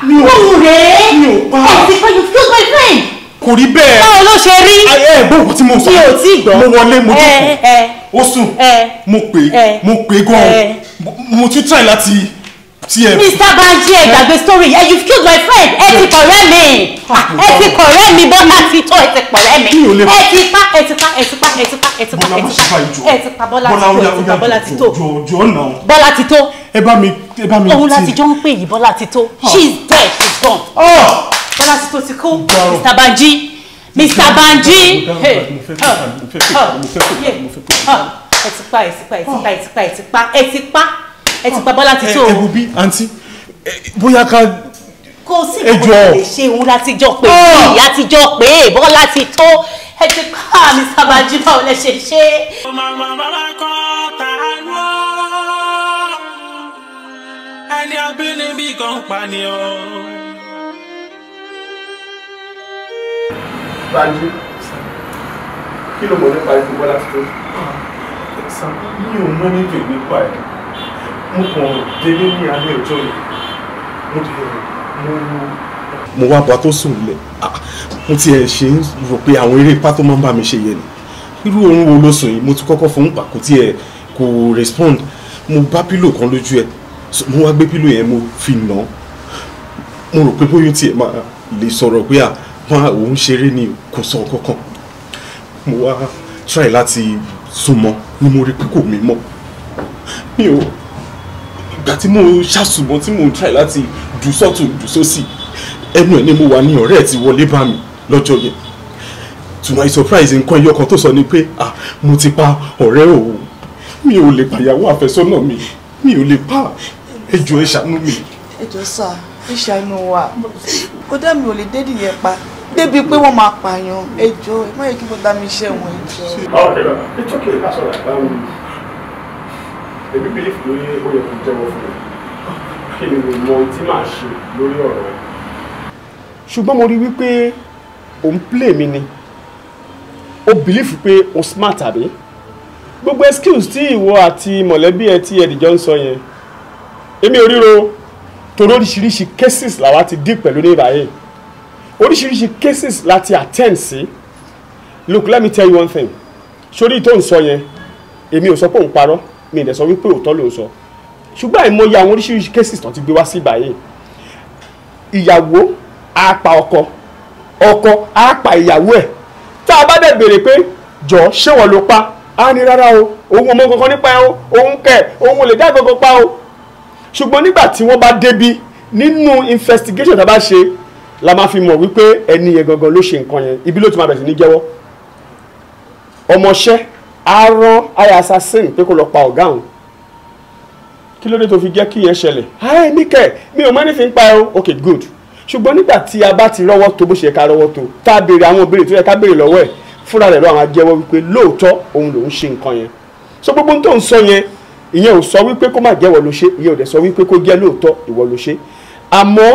mi ò kú rẹ̀ mi ò pa. ẹ ti pa you killed my friend. kò rí bẹ́ẹ̀. báwo ló ṣe rí. ẹ ẹ gbóògùn tí mo sọ. mi ò tí ì gbọ́. mo wọlé mo jókòó ó sùn mo pè é mo pè é gan-an mo tún try láti tí ẹ. Mr. Banji ẹ gbàgbé story ẹ you've killed my friend ẹ ti kọ̀rẹ́ mi ẹ ti kọ̀rẹ́ mi bọ́lá ti tó ẹ ti kọ̀rẹ́ mi ẹ ti pa ẹ ti pa ẹ ti pa ẹ ti pa ẹ ti pa ẹ ti pa ẹ ti pa bọ́lá ti tó ẹ ti pa bọ́lá ti tó bọ́lá ti tó. ẹ bá mi ẹ bá mi tí. òun láti jọ ń pè yìí bọ́lá ti tó she is dead she is gone. bọ́lá ti tó ti kú Mr. Banji Mr. Banji. ẹ ti pa ẹ ti pa ẹ ti pa ẹ ti pa ẹ ti pa ẹ ti pa ẹ ti pa ẹ ti pa bọ́lá ti tó. ẹ wo bí àǹtí bóyá ká. kò sí ìkókò lè ṣe òun láti jọ pé ah! ìyá ti jọ pé bọ́lá ti tó ẹ ti pa mi sábàjì báwo lẹ ṣe ṣe. ẹni abínibí kan pànìyàn. Banji, kí ló mọ̀ nípa ikú Bọ́lá Tító? Ah, mi ò mọ̀ nípa nípa ẹ̀ mo kàn délé ní alẹ́ ọjọ́ yìí mo dẹ̀ mo wo. mo wá bọ́ tó sùn lẹ̀ ah, mo tiẹ̀ ṣe ń rò pé àwọn eré ipá tó máa ń bá mi ṣe yẹn ni irú oorun wo ló sùn yìí mo ti kọ́kọ́ fún un pa kò tiẹ̀ kò respond mo bá pílò kan lójú ẹ̀ mo wá gbé pílò yẹn mo fi nà án mo rò pé bóyá tiẹ̀ máa lè sọ̀rọ̀ pé à òun ṣeré ni kò sọ kankan mo wá try láti sún mọ́ ni mo rí pé kò mí mọ́ mi ò ìgbà tí mo ṣàṣùbọ̀n tí mo ń try láti dùn sọ́tún dùn sósì ẹnu ẹ̀ ni mo wà ní ọ̀rẹ́ ẹ̀ ti wọlé bá mi lọ́jọ́ yẹn to my surprise nǹkan ẹyọ kan tó sọ ni pé ah mo ti pa ọ̀rẹ́ òun mi ò lè pàyàwó àfẹ́sọ́nà mi mi ò lè pa ẹjọ́ ẹ mi. ẹjọ́ sà ẹ ṣàánú wa kódà mi ò lè dédì yẹn pa débi pé wọ́n máa pààyàn ẹjọ́ ẹ má yẹ kí mo dá mi ṣẹ̀wọ̀n ẹjọ́. ọ̀rẹ́ ẹ̀ bá sọ̀rọ̀ àgbáwọ̀ èmi belief lórí ó yẹ kó jẹ́wọ́ fún mi kí ni mo mọ ohun tí màá ṣe lórí ọ̀rọ̀ ẹ̀. ṣùgbọ́n mo rí wípé òun play mi ni ó believe pé o smart àbí gbogbo excuse tí ìwọ àti mọ̀lẹ́bí ẹ tí ẹ̀dìjọ ń sọ yẹn èmi ò ríro torí oríṣiríṣi cases làwa ti dì pẹ̀lú ní ìbáyé oríṣiríṣi cases láti attend sí look let me tell you one thing sórí tó ń sọ yẹn èmi ò sọ pé òun parọ́ mi ìdẹ̀ sọ wípé òótọ́ ló ń sọ ṣùgbọ́n àìmọye àwọn oríṣiríṣi cases tán ti gbé wá sí báyìí ìyàwó á pa ọkọ ọkọ á pa ìyàwó ẹ̀ tá a bá dẹ̀ béèrè pé jọ ṣé wọ́n ló pa á ní rárá o òun ọmọ kankan nípa o òun kẹ òun lè dá kankan pa o ṣùgbọ́n nígbà tí wọ́n bá débi nínú investigation tá a bá ṣe la máa fi mọ̀ wípé ẹni yẹn gangan ló ṣe nǹkan yẹn ibi ló ti máa bẹ̀rẹ̀ sí ní jẹ́wọ́ ọmọọṣẹ́ a rán aya assassin pé kó lọ pa ọ̀gá òun kí ló dé tó fi jẹ́ kí yẹn ṣẹlẹ̀ ẹ níkẹ́ mi ò mẹ́ni fi ń pa ẹ o ok good ṣùgbọ́n nígbà tí a bá ti rọ́wọ́ tó bó ṣe ká rọ́wọ́ tó tá a béèrè àwọn béèrè tó yẹ ká béèrè lọ́wọ́ ẹ̀ fúnra rẹ̀ lọ́wọ́ àwọn ajẹ́wọ́ wípé lóòótọ́ òun lòún ṣe nǹkan yẹn so gbogbo tó ń sọ yẹn ìyẹn ò sọ wípé kó má jẹ́wọ́ ló ṣe ìyẹn ò dẹ̀ sọ wípé kó jẹ́ lóòótọ́ ìwọ ló ṣe àmọ́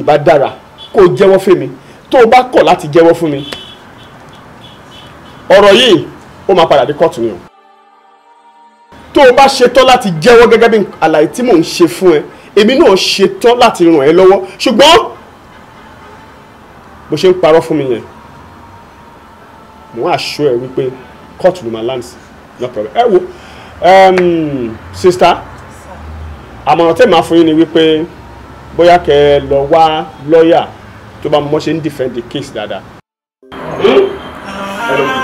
ìbá dára kó jẹ́wọ́ fún mi tó o bá kọ̀ láti jẹ́wọ́ fún mi ọ̀rọ̀ yìí ó máa padà dé kóòtù ni o tó o bá ṣetán láti jẹ́wọ́ gẹ́gẹ́ bí àlàyé tí mò ń ṣe fún ẹ èmi náà ṣetán láti ràn ẹ́ lọ́wọ́ ṣùgbọ́n bó ṣe ń parọ́ fún mi yẹn mo á ṣó ẹ wípé kóòtù ló máa láǹsì no problem ẹ wo um, sista àmọ̀ràn tẹ́ máa fún yín ni wípé bóyá kẹ́ ẹ lọ wá lọ́ọ̀yà tó bá mọ̀ ṣe ń defend the case dáadáa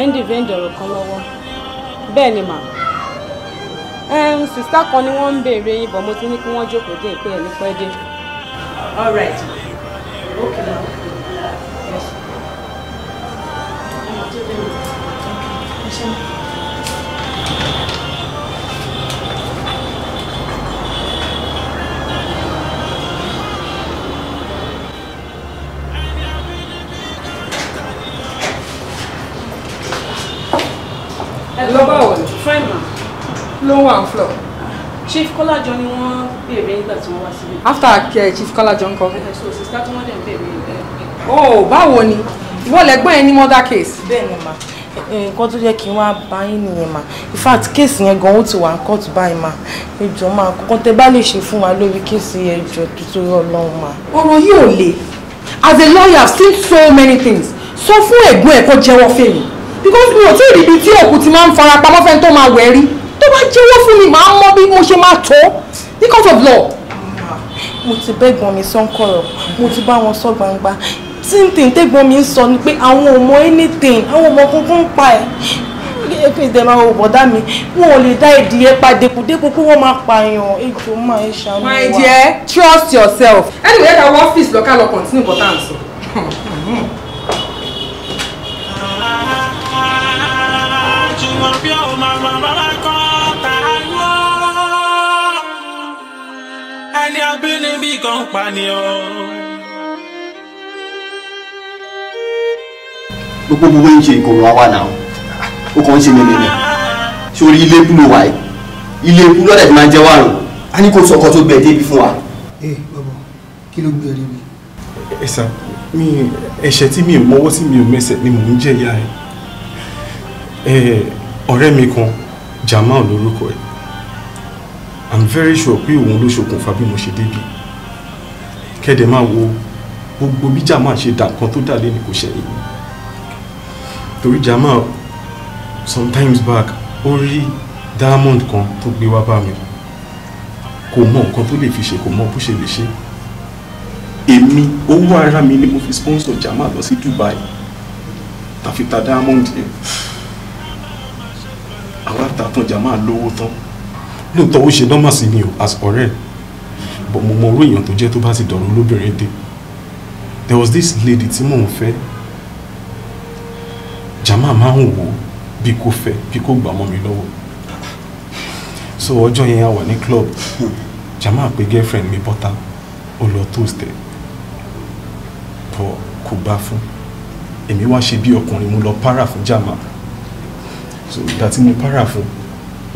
ẹ̀ ń dìvẹ́ ìdọ̀rọ̀ kan lọ́wọ́ bẹ́ẹ̀ ni mà sista kan ni wọ́n ń béèrè yín bọ̀ mo ti ní kí wọ́n jókòó dé ìpè ní pẹ́ dé. all right okay Yes. ló wà ń flọ. chief kọ́lájọ ni wọ́n béèrè nígbà tí wọ́n wá síbí. after care chief kọ́lájọ ń kọ́. ẹ eh, so sista tí wọ́n dẹ̀ ń béèrè. oh eh, eh. báwo ni ìwọ lẹ́gbọ́n ẹ ní murder case. bẹ́ẹ̀ ni ma nǹkan tó jẹ́ kí n wá bá yín nìyẹn mà in fact kéèsì yẹn gan ó ti wà ń kóòtù báyìí mà ẹjọ́ mà kọ́kọ́ tẹ bá lè ṣe fún wa lórí kéèsì ẹjọ́ tuntun ọlọ́run mà. ọ̀rọ̀ yìí ò le as a lawyer i've seen so many things sọ fún ẹ̀gbọ́n ẹ̀ kó jẹ́wọ́ fèmí because mi ò tí ì rí ibi tí òkú ti máa ń fara pamọ́ fẹ́ tó máa wẹ̀ rí tó bá jẹ́wọ́ fún mi màá mọ bí mo ṣe máa tó ní of law. mo ti bẹ́gbọ́n mi sọ́ńkọ̀rọ̀ mo ti bá wọn sọ gbangba tí n tì ń tẹ́gbọ́n mi ń sọ ni pé àwọn ò mọ anything àwọn ò mọ kúnkún ń pa ẹ̀ ẹkùn ìdẹ̀mà ò bọ̀dá mi wọn ò lè dá ìdíyẹ pa dẹ́kudẹ́kun kí wọ́n máa pààyàn èjò máa ń ṣàánú wa. my dear trust yourself. Anyway, wẹ́n ká wọ ọ́fíìsì lọ́ka lọ continue bọ́tà ń sọ. Jùmọ̀ bí ọ̀hún máa máa máa. méjì kan ń pànìyàn. gbogbo gbogbo ń ṣe ìkòrò wa náà ó kàn ń ṣe mímímí sórí ilé ikú ló ilé ikú lọ́dẹ̀ tí máa jẹ́ wà rùn ní kó sọ ọkọ tó gbẹ débi fún wa. ẹ bàbá kí ló gbé ẹ débi. ẹ sà mi ẹ̀ṣẹ̀ tí mi ò mọwọ́ sí mi ò mẹsẹ̀ ni mò ń jẹ ìyá ẹ ọ̀rẹ́ mi kan Jamal lórúkọ ẹ i'm very sure pé òun ló ṣokùnfà bí mo ṣe débi kẹ́dẹ̀ máa wo gbogbo bíjà máa ṣe dà nǹkan tó dà lé ní kò ṣẹ̀yìn torí Jamal sometimes back ó rí diamond kan tó gbé wá bá mi kò mọ nǹkan tó lè fi ṣe kò mọ bó ṣe lè ṣe èmi owó ara mi ni mo fi sponsor jama lọ sí Dubai tàfi ta diamond yẹn àwa ta tán Jamal lówó tán lóòótọ́ ó ṣe nọ́mà sí mi o as ọ̀rẹ́ ẹ̀ but mo mọ orú èèyàn tó jẹ́ tó bá ti dọ̀rọ̀ olóbìnrin dé there was this lady tí mò ń fẹ́ jama máa ń wò bí kò fẹ́ bí kò gbà mọ́ mi lọ́wọ́ so ọjọ́ yẹn a wà ní club jama pe girlfriend mi bọ́ta ó lọ toast ẹ̀ bọ̀ kò bá fún èmi wá ṣe bí ọkùnrin mo lọ para fún jama so ìgbà tí mo para fún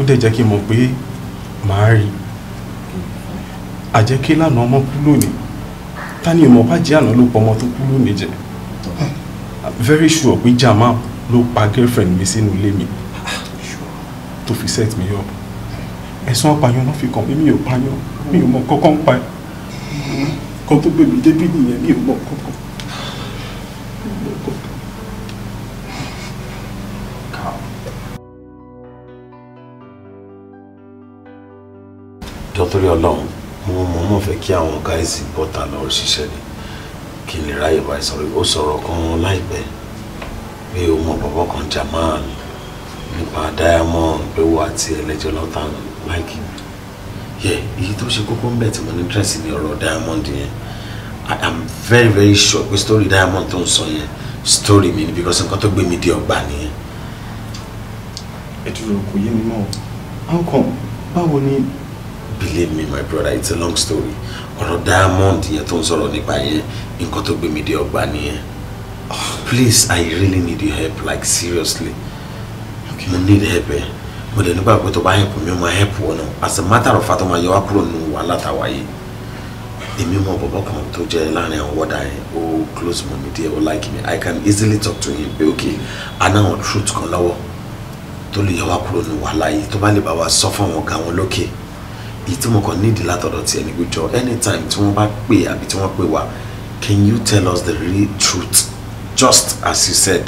ó dẹ̀ jẹ́ kí n mọ̀ pé màá rí i àjẹké lánàá ọmọ kú lónìí ta ni ìmọ̀ bá jẹ́ àná ló pọ̀ ọmọ tó kú lónìí jẹ very sure pé Jamal ló pa girlfriend mi sínú ilé mi tó fi set me up ẹ̀sùn apààyàn náà fi kàn mí mi ò pààyàn mi ò mọ kọ́kọ́ ń pa ẹ̀ kan tó gbé mi débí nìyẹn mi ò mọ kọ́kọ́. jọ Ọlọ́run mọ̀ fẹ́ kí àwọn gáìsì bọ́ta lọ ṣiṣẹ́ ni kí n lè ráyè báyìí sọ̀rọ̀ ó sọ̀rọ̀ kan láìpẹ́ pé o mọ̀ bàbá kan Jamal nípa diamond pé wo àti ẹlẹ́jọ́ lọ́tà láìkì mi yẹ èyí tó ṣe kókó ń bẹ̀ tí mo ní dírẹ́sì ní ọ̀rọ̀ diamond yẹn I am very very sure pé story diamond tó ń sọ yẹn story mi ni because nǹkan tó gbé mi dé ọgbà nìyẹn. ẹ dúró kò yé mi mọ́ how come báwo ni believe me my brother it's a long story ọ̀rọ̀ diamond yẹn tó ń sọ̀rọ̀ nípa yẹn nǹkan tó gbé mi dé ọgbà nìyẹn please i really need your help like seriously okay. mo need help ẹ eh? mo dẹ̀ nígbà pé tó bá help mi mo help wọn náà as a matter of fact ọmọ ayọ̀wá kúrò nínú wàhálà táwa yìí èmi mọ bọ̀bọ̀ kan tó jẹ́ láàrin àwọn wọ́dà yẹn ó close mọ̀ mi díẹ̀ ó like me i can easily talk to him pé okay aná àwọn truth kan lọ́wọ́ tó lè yọ wá kúrò nínú wàhálà yìí tó bá lè bá wa sọ fún àwọn ọ̀gá wọn lókè. Okay ìtí mo kàn nídìí látọ̀dọ̀ tiẹ̀ ní gbẹjọ anytime tí wọ́n bá pè àbí tí wọ́n pè wá can you tell us the real truth just as you said.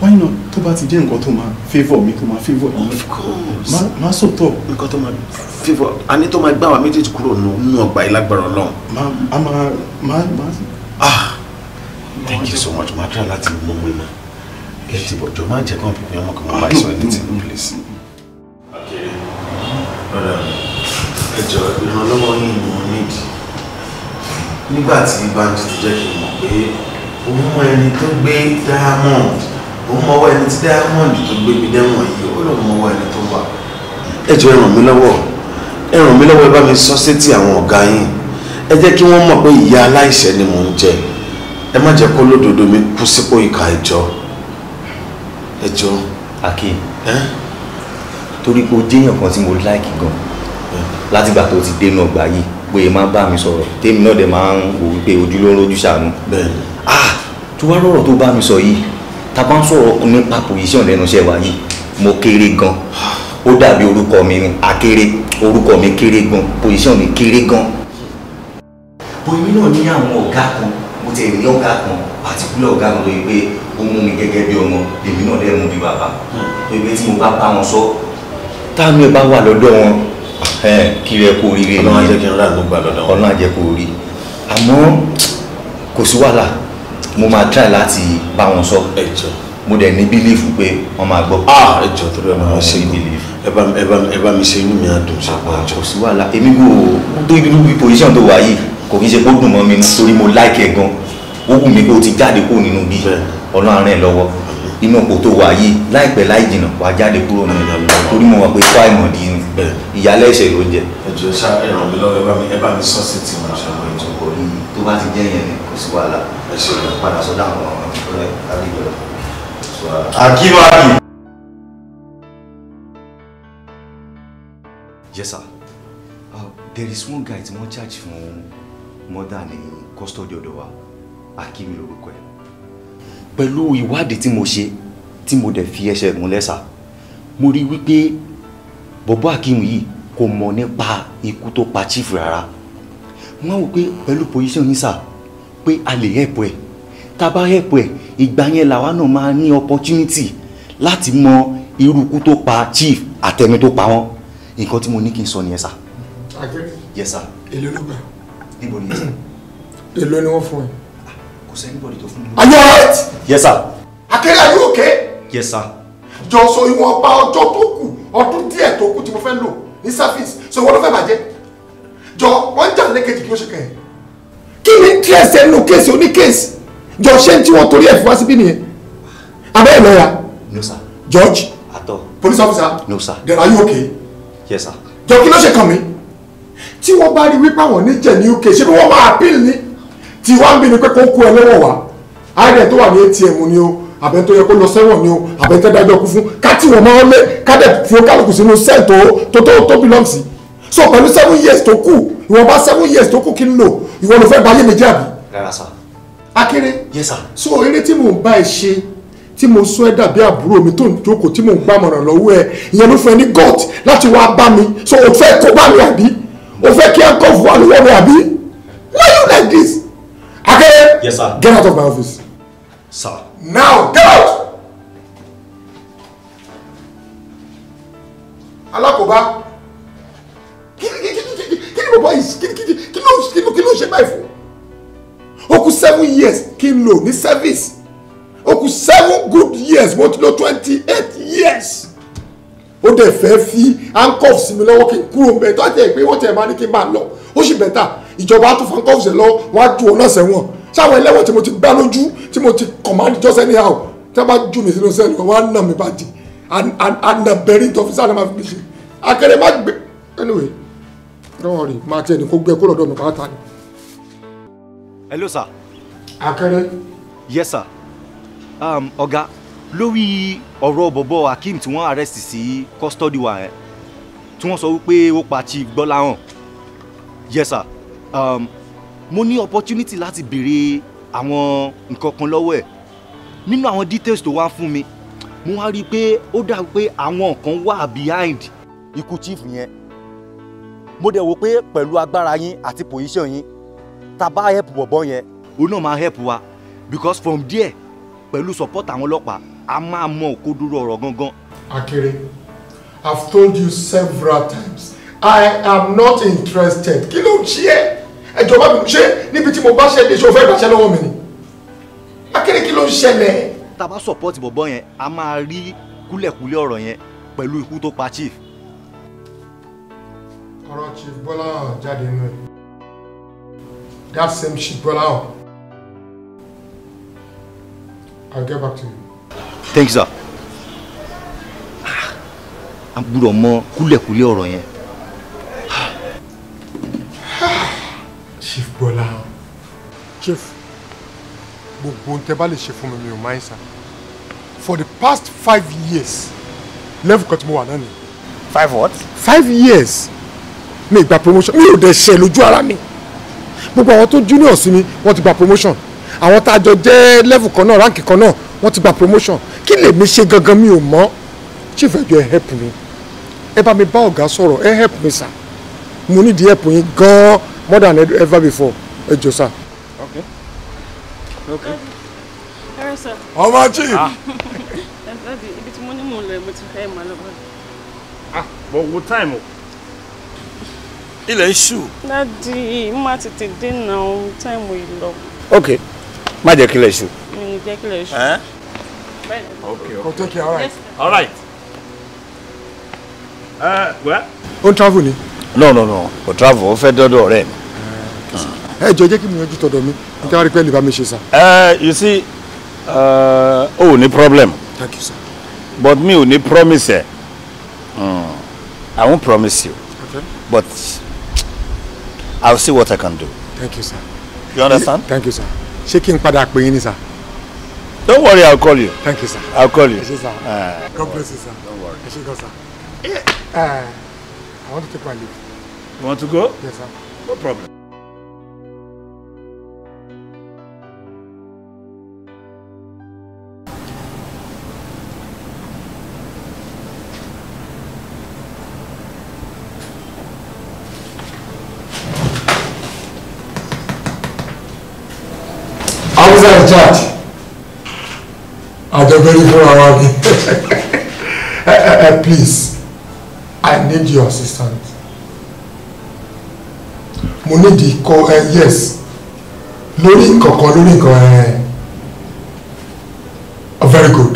why not tó bá ti jẹ́ nǹkan tó máa favour mi tó máa favour mi of course má sòtọ̀. nǹkan tó máa favour àní tó máa gbá wa méjèèjì kúrò nínú ọgbà ìlágbára ọlọ́run. má a máa má ah thank you so much ma try láti mú mi mọ ẹ ti bọ̀ jọ kàn fún mi ọmọ kan mo máa sọ anything please. okay. Well, um, ẹjọ ìrànlọ́wọ́ yìí ni mo need nígbà tí banji ti jẹ́ kí n mọ̀ pé òun mọ ẹni tó gbé diamond òun mọwọ́ ẹni tí diamond tó gbé mi dẹ́wọ̀n yìí ó lóun mọwọ́ ẹni tó wà ẹjọ ẹ ràn mí lọ́wọ́ ẹ ràn mí lọ́wọ́ ẹ bá mi sọ sétí àwọn ọ̀gá yín ẹ jẹ́ kí wọ́n mọ̀ pé ìyá aláìṣẹ̀ ni mò ń jẹ ẹ má jẹ́ kó lódodo mi kú sípò ìka ẹjọ́ ẹjọ́. akin torí pé o jẹ́yàn kan tí mo láìkì gan-an látìgbà tó ti dénú ọgbà yìí bóyá máa bá mi sọ̀rọ̀ tèmi náà dẹ̀ máa ń wò wípé ojú ló ah tí wàá rọ̀rọ̀ tó bá mi sọ yìí ta bá ń sọ̀rọ̀ nípa pòsíṣàn lẹ́nu iṣẹ́ wa yìí mo kéré gan ó dàbí orúkọ mi akéré orúkọ mi kéré gan pòsíṣàn mi kéré gan. bo èmi náà ní àwọn ọ̀gá kan mo ti rí ọ̀gá kan pàtíkúlẹ̀ ọ̀gá kan lóye pé ó mú mi gẹ́gẹ́ bí ọmọ èmi náà dẹ̀ bí bàbá lóye hmm. pé tí mo bá bá wọn sọ táàmì ẹ bá wà lọ́dọ̀ wọn kí ẹ kó rí rẹ yẹn ọlọ́run á jẹ́ kí n rà ló gbà lọ́dọ̀ ọlọ́run á jẹ́ kó rí àmọ́ kò sí wàhálà mo máa try láti bá wọn sọ mo dẹ̀ ní bílífù pé wọ́n máa gbọ́. Ah, ẹ jọ torí ẹ máa ṣe bílífù ẹ bá mi ṣe inú mi á dùn sí ọgbà àjọ. Ah, kò sí wàhálà èmi kò tó ibi níbi position tó wà yìí kò kí n ṣe kó dùn mọ́ mi torí mo like ẹ gan ó wù mí pé o ti jáde kó nínú bí ọlọ́run á ràn ẹ́ lọ́wọ́ inú òpó tó wà yìí láìpẹ́ láì jìnnà wà á jáde kúrò ní ìlànà torí mo mọ̀ pé fáì mọ̀ di ìyálẹ̀ ẹ̀ṣẹ̀ ló jẹ. ẹ jọ ṣá ẹ ràn mí lọ́wọ́ ẹ bá mi ẹ bá mi sọ́ọ̀sì tí mo ṣe àwọn ìjọba yìí. tó bá ti jẹ́ yẹn ni kò sí wàhálà ẹ ṣe padà sọ́dọ̀ àwọn ọ̀rẹ́ àdìgbò rẹ̀. akínwájú. yes sir uh, there is one guy tí wọ́n charge fún mọ́dà ní custody ọ̀dọ̀ wa akínmi lórúkọ ẹ̀ pẹ̀lú ìwádìí tí mo ṣe tí mo dẹ̀ fi ẹsẹ̀ ìmúlẹ̀ sá mo rí wípé bọ̀bọ̀ akim yìí kò mọ̀ nípa ikú tó pa chief rárá wọ́n wò pé pẹ̀lú position yín sá pé a lè help ẹ̀ tá a bá help ẹ̀ ìgbà yẹn làwa náà máa ní opportunity láti mọ irú ikú tó pa chief àtẹni tó pa wọ́n nǹkan tí mo ní kí n sọ nìyẹn sá. àgbẹ̀ yes sir. èlò ló gbà. níbo ni yẹn sá. èlò ni wọ́n fún ẹ kò anybody tó fún are you alright. yes sir. akẹ́rẹ́ are you okay. yes sir. jọ so you want tó kù ọdún díẹ̀ tó kù tí to fẹ́ lò This service so what ló I bàjẹ́ jọ wọ́n ń jà lẹ́kẹ̀jì kí ló ṣe kẹ́ ẹ̀. kí ni interest case. nínú kéèsì oní kéèsì jọ ṣé tí wọ́n torí ẹ̀ fún wá síbí nìyẹn abẹ́ ẹ̀ no sir. george. atọ. police officer. no sir. then are you okay. yes sir. jọ you know ṣe coming. mí tí wọ́n bá rí wípé àwọn oníjẹ̀ ní uk ṣé bí wọ́n máa appeal ni tí wá ń bí ni pé kó kó ẹ lọ́wọ́ wá àárẹ̀ tó wà ní ATM ni o àbẹ tó yẹ kó lọ sẹ́wọ̀n ni o àbẹ tẹ́ dájọ́ kú fún ká wọ́n máa ń lé ká dẹ̀ kálukú sínú sẹ́ẹ̀ tó tó tó belong sí so pẹ̀lú seven years tó kù ìwọ̀n bá seven years tó kù kí n lò ìwọ ló fẹ́ ba ayé mi jẹ́ àbí. akéré yes sir so eré tí mò ń bá ẹ ṣe tí mo sún ẹ dàbí àbúrò mi tó ń jókòó tí mò ń gbàmọ̀ràn lọ́wọ́ ẹ ìyẹn ló fún ní gut láti wá bá mi so o fẹ́ kó bá mi àbí o fẹ́ kí ẹ kọ́ fún wa lọ́wọ́ mi àbí why you like this Okay. Yes, sir. Get out of my office. Sir. Now, get out! Alákòóbá, kí ni bàbá yìí kí ló ṣe báyìí fún? Ó kù seven years kí n lò ní service. Ó kù seven good years mo ti lò twenty eight years. Ó dẹ̀ fẹ́ fi handcuffs mi lọ́wọ́ kí n kúrò mbẹ́ tó àti ẹ̀ pé wọ́n ti ẹ̀ máa ní kí n máa lọ. Ó sì bẹ̀tà ìjọba á tún fan kọ́ọ̀sẹ̀ lọ wọ́n á ju ọ̀nà sẹ́wọ̀n sáwọn ẹlẹ́wọ̀n tí mo ti gbá lójú tí mo ti command just anyhow tí wọ́n bá jù mí sínú sẹ́ẹ̀lì wọ́n á nà mí bàjẹ́ anabẹ́rẹ́ tọ́fíṣà náà máa fi mi ṣe akẹ́rẹ́ má gbé anyway don't worry máa tiẹ̀ ní kó gbé kó lọ́dọ̀ mi pátá ni. hello sir. akẹ́rẹ́. yes sir. Um, ọ̀gá lórí ọ̀rọ̀ bọ̀bọ̀ akeem tí wọ́n arrest sí custody wa ẹ̀ tí wọ́n sọ wípé ó pa chief gbọ́láhàn yes sir um, mo ní opportunity láti béèrè àwọn nǹkan kan lọ́wọ́ ẹ̀ nínú àwọn details tó wá fún mi mo wá rí i pé ó dà pé àwọn nǹkan wà behind ikú chief yẹn mo dẹ̀ wò pé pẹ̀lú agbára yín àti position yín tá a bá help bọ̀bọ̀ yẹn òun náà máa help wa because from there pẹ̀lú support àwọn ọlọ́pàá a máa mọ òkodoro ọ̀rọ̀ gangan. Akere, I've told you several times I am not interested kí ló ń ṣe é ẹjọ bá mi ṣe níbi tí mo bá ṣe déṣe o fẹ́ gbàṣẹ lọ́wọ́ mi ni akérékí ló ń ṣẹlẹ̀. tá a bá support bọ̀bọ̀ yẹn a máa rí kúlẹ̀kúlẹ̀ ọ̀rọ̀ yẹn pẹ̀lú ikú tó pa chief. ọ̀rọ̀ chief bọ́lá hàn jáde nù ẹ̀ that same chief bọ́lá hàn I'll get back to you. thank you sir. Ah, a gbúdọ̀ mọ kúlẹ̀kúlẹ̀ ọ̀rọ̀ yẹn Chief Bọ́lá. Chief, gbogbo ohun tẹ bá lè ṣe fún mi mi ò máa ń sà. For the past five years, level kan tí mo wà náà ni. Five what? Five years. Mi gba promotion, mi ò dẹ̀ ṣe lójú ara mi. Gbogbo àwọn tó junior sí mi, wọ́n ti gba promotion. Àwọn tá a jọ jẹ́ level kan náà, ránkì kan náà, wọ́n ti gba promotion. Kí lèmi ṣe gangan mi ò mọ̀? Chief ẹ ẹ help mi. Ẹ bá mi bá ọ̀gá sọ̀rọ̀, ẹ help mi sà. Mo nídìí help yín gan-an more than ever before ẹ jọ sá. okay okay. ẹ rẹ sọ. ọmọ chi. Ah. ẹ dábì ibi tí mo ní mò ń lọ ẹ ah but what time o ilẹ̀ ń ṣù. dádì má tètè dènà ohun time yìí lọ. ok má jẹ́ kílẹ̀ ṣù. mi ò jẹ́ kílẹ̀ ṣù. Eh? ok ok kò tẹ́kì all right. Yes. all right. Uh, eh, wẹ́. ó ń travel ni. no no no kò travel ó fẹ́ dọ́dọ̀ ọ̀rẹ́ mi ẹ jọ jẹ́ kí mi yanjú tọ̀dọ̀ mi n tẹ́ wá rí pé ẹnì bá mi ṣe sá. ẹ you see ó uh, ò ní problem Thank you, sir. but mi ò ní promise ẹ mm. I won't promise you okay. but I'll see what I can do. Thank you sir. You understand? Thank you sir. ṣé kí n padà pè yín ni sir. Don't worry, I'll call you. Thank you, sir. I'll call you. Yes, sir. Uh, God bless you, sir. Don't worry. Yes, sir. Uh, I want to take my leave. You want to go? Yes, sir. No problem. charge àjọgbẹ́rí fúnra wa ni please I need your assistance mo need ikọ ẹ eh, yes lórí nǹkankan lórí nǹkan eh, oh, very good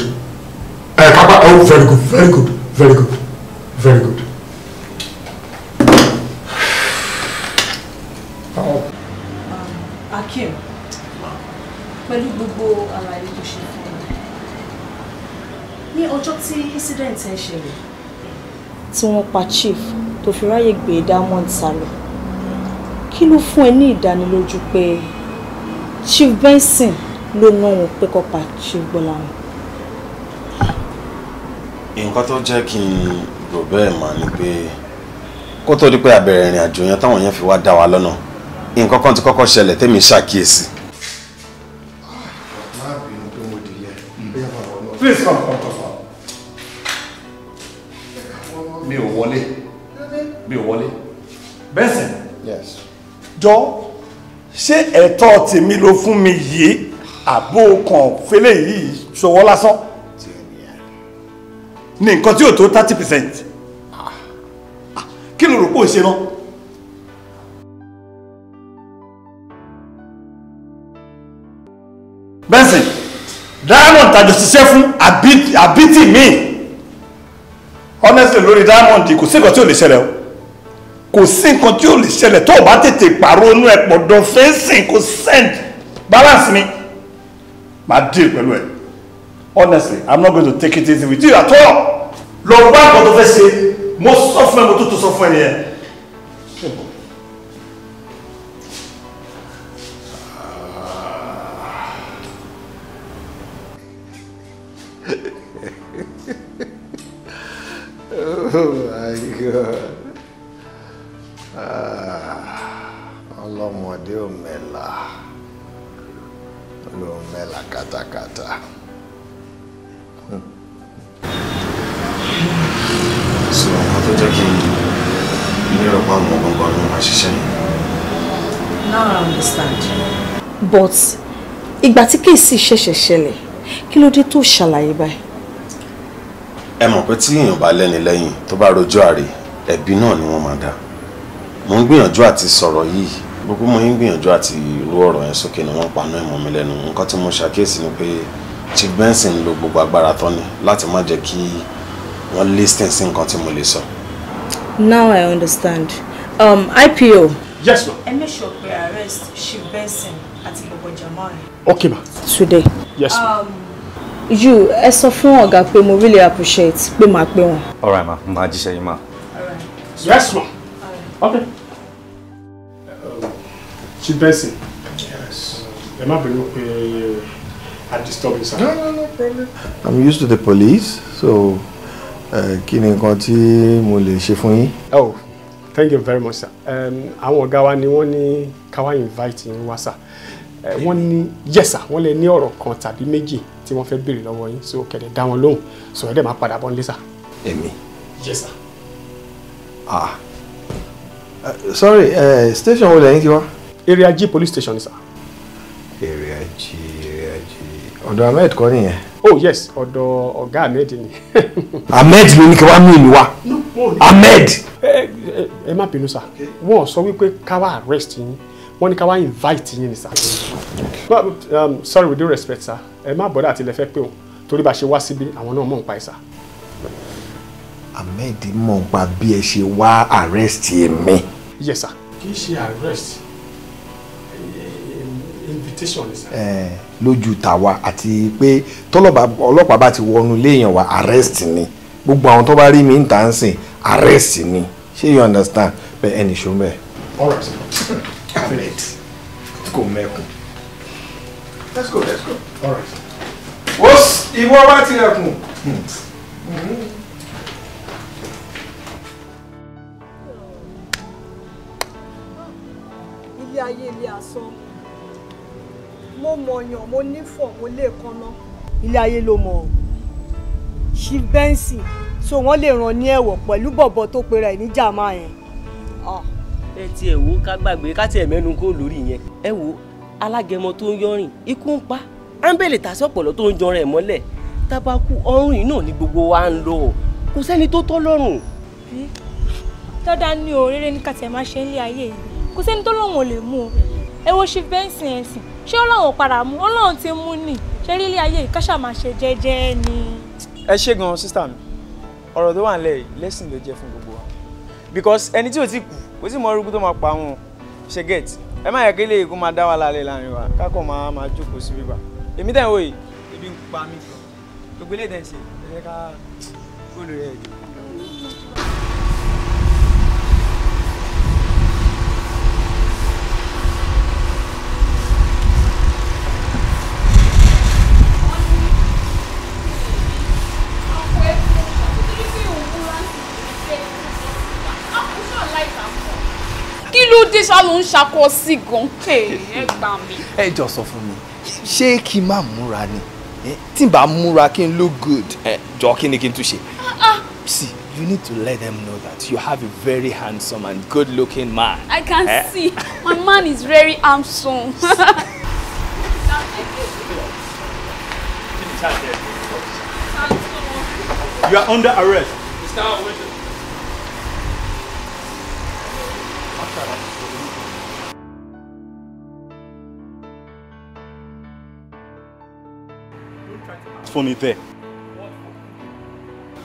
ẹ eh, kápá oh very good very good very good pa chief tó fi ráyè gbé diamond sálọ kí ló fún ẹ ní ìdánilójú pé chief benson ló ná òun pé kó pa chief gbọ́láhùn. nǹkan tó jẹ́ kí n rò bẹ́ẹ̀ mà ni pé kó tó di pé a bẹ̀rẹ̀ ìrìn àjò yẹn táwọn yẹn fi wá dá wa lọ́nà nǹkan kan ti kọ́kọ́ ṣẹlẹ̀ tẹ́mi ṣàkíyèsí. jọ ṣé ẹ̀tọ́ tèmi ló fún mi yìí àbó kan fẹ́lẹ̀ yìí ṣọwọ́ lásán ní nǹkan tí ò tó thirty percent kí ló rò pé ò ṣe náà. bẹ́sìn diamond tàjọ ṣiṣẹ́ fún àbítì mi honestly lórí diamond kò sí nǹkan tí ò lè ṣẹlẹ̀ o kò sí nǹkan tí ò lè ṣẹlẹ̀ tó o bá tètè pààrọ̀ inú ẹ̀ pọ̀ fẹ́ǹsì kò send balance mi máa deal pẹ̀lú ẹ̀ honestly i'm not going to take it easy with you at all lọ wá nǹkan tó fẹ́ ṣe mo sọ fún ẹ mo tó tó sọ fún ẹ nìyẹn. Oh my God. Ah, ọlọ́mọdé ò mẹ́la ló mẹ́la kátakátá. sọ àwọn tó jẹ́ kí n ní ọ̀pá àwọn gbọ̀ngàn ló máa ṣiṣẹ́ yìí. now I understand. but ìgbà tí kèsì ṣẹ̀ṣẹ̀ ṣẹlẹ̀ kí ló dé tó ṣàlàyé báyìí. ẹ mọ̀ pé tí èèyàn bá lẹ́ni lẹ́yìn tó bá rojọ́ àrè ẹ̀bi náà ni wọ́n máa dá mo ń gbìyànjú àti sọ̀rọ̀ yìí gbogbo mo ń gbìyànjú àti ru ọ̀rọ̀ yẹn sókè ni wọ́n paná ẹ̀mọ́ mi lẹ́nu nǹkan tí mo ṣàkíyèsí ni pé Chief Benson lo gbogbo agbára tán ni láti má jẹ́ kí wọ́n listen sí nǹkan tí mo lè sọ. Now I understand um, IPO. Yes ma. ẹ make sure pé arrest Chief Benson àti gbogbo Jamal. Okay ma. Today. Yes ma. Um, you ẹ sọ fún ọ̀gá pé mo really appreciate pé màá pé wọn. All right ma màá jíṣẹ́ yín ma. All right. Yes ma. Okay. Chief Benson. Yes. Am I bínú pé disturbing sir. No, no, no problem. I'm used to the police, so kí ni mule shifuni. Oh, thank you very much, sir. Um, àwọn ọ̀gá wa ni wọ́n ní ká wá invite yes, sir, wọ́n lè ní ọ̀rọ̀ kan tàbí méjì tí wọ́n fẹ́ béèrè lọ́wọ́ yín, so kẹ̀dẹ̀ dá wọn so ẹ̀dẹ̀ máa padà bọ́ nílé, sir. Èmi. Yes, sir. Ah. Uh, sorry uh, station wo lẹ́yìn ti wá. area g police station sir. area g area g ọ̀dọ̀ ahmed kọ́ nìyẹn. oh yes ọ̀dọ̀ ọ̀gá ahmed ni. ahmed ló ní kí wàá mú ìlú wa ahmed. ẹ má bínú sir wọ́n sọ wípé ká wá arrest yín wọ́n ní ká wá invite yín ni sir. but um, sorry with due respect sir ẹ má bọ́dọ̀ àti ilẹ̀ fẹ́ pé o torí bá ṣe wá síbí àwọn náà mọ̀ ń pa ẹ̀ sir ahmed mọ̀ gba bí ẹ ṣe wá arrest mi. yes sir. kì í ṣe arrest invitation ni sir. Eh, lójú tàwa àti pé tọ́lọ́pàá bá ti wọnú léèyàn wá arrest ni gbogbo àwọn tó bá rí mi ń tà ń sìn arrest ni ṣé you understand bẹ́ẹ̀ ẹnì ṣó mẹ́ẹ̀. ọ̀rọ̀ sọ ahmed kò mẹ́kùn. let's go let's go. ọ̀rọ̀ sọ. wọ́n ìwọ bá tilẹ̀kùn. Hmm. Hmm. ilé ayé ilé asán mo mọ̀yàn mo nífọ̀ mo lè kanná. ilé ayé ló mọ̀ ọ́ ṣí bẹ́ǹsì so wọ́n lè ràn ní ẹ̀wọ̀ pẹ̀lú bọ̀bọ̀ tó pera ẹ̀ níjà máa yẹn. Ah. ẹ ti ẹ̀ wo ká gbàgbé ká tiẹ̀ mẹ́nu kó lórí yẹn ẹ wo alágẹmọ tó ń yọrìn ikú ń pa áńbẹ̀lẹ̀ tàṣí ọ̀pọ̀lọ́ tó ń jọra ẹ̀ mọ́lẹ̀ tábàkù ọrùn yìí náà ni gbogbo wa ń lọ kò sẹ́ni tó tọ́ lọ́rùn. tọ́dá ní òréré ní kàtẹ́ máa ṣe ń lé ayé yìí kò sẹ́ni tó lóun ò lè mú o ẹ wo ṣe bẹ́ẹ̀ sìn ẹ̀ sìn ṣé ọlọ́run padà mú ọlọ́run ti mú nì ṣe rí ayé ìkáṣà máa ṣe jẹ́jẹ́ ni. ẹ ṣe gan sísá mi ọ̀rọ̀ tó wà nílẹ̀ yìí lẹ́sìn ló jẹ́ fún gbogbo wa because ẹni tí ò ti kú kò sì mọ orúkú tó máa pa wọn ṣe get ẹ má yẹ kí ilé ìkú máa dá wa lálẹ́ láàrin wa kákọ̀ máa máa jókòó sí bíbá èmi tẹ̀ ń wò ebi ń pa mí gan gbogbo ilé ìdẹ́sẹ̀ ẹ̀ka kó lórí ẹ̀ jù. ṣá ló ń ṣakọ sí gan ké ẹ gbà mí. ẹ jọ sọ fún mi ṣé kí n má múra ni tí n bá múra kí n look good ẹ jọ kí ni kí n tún ṣe. Ah, ah. see you need to let them know that you have a very handsome and good looking man. I can eh? see my man is very handsome. you are under arrest. fún mi bẹ́ẹ̀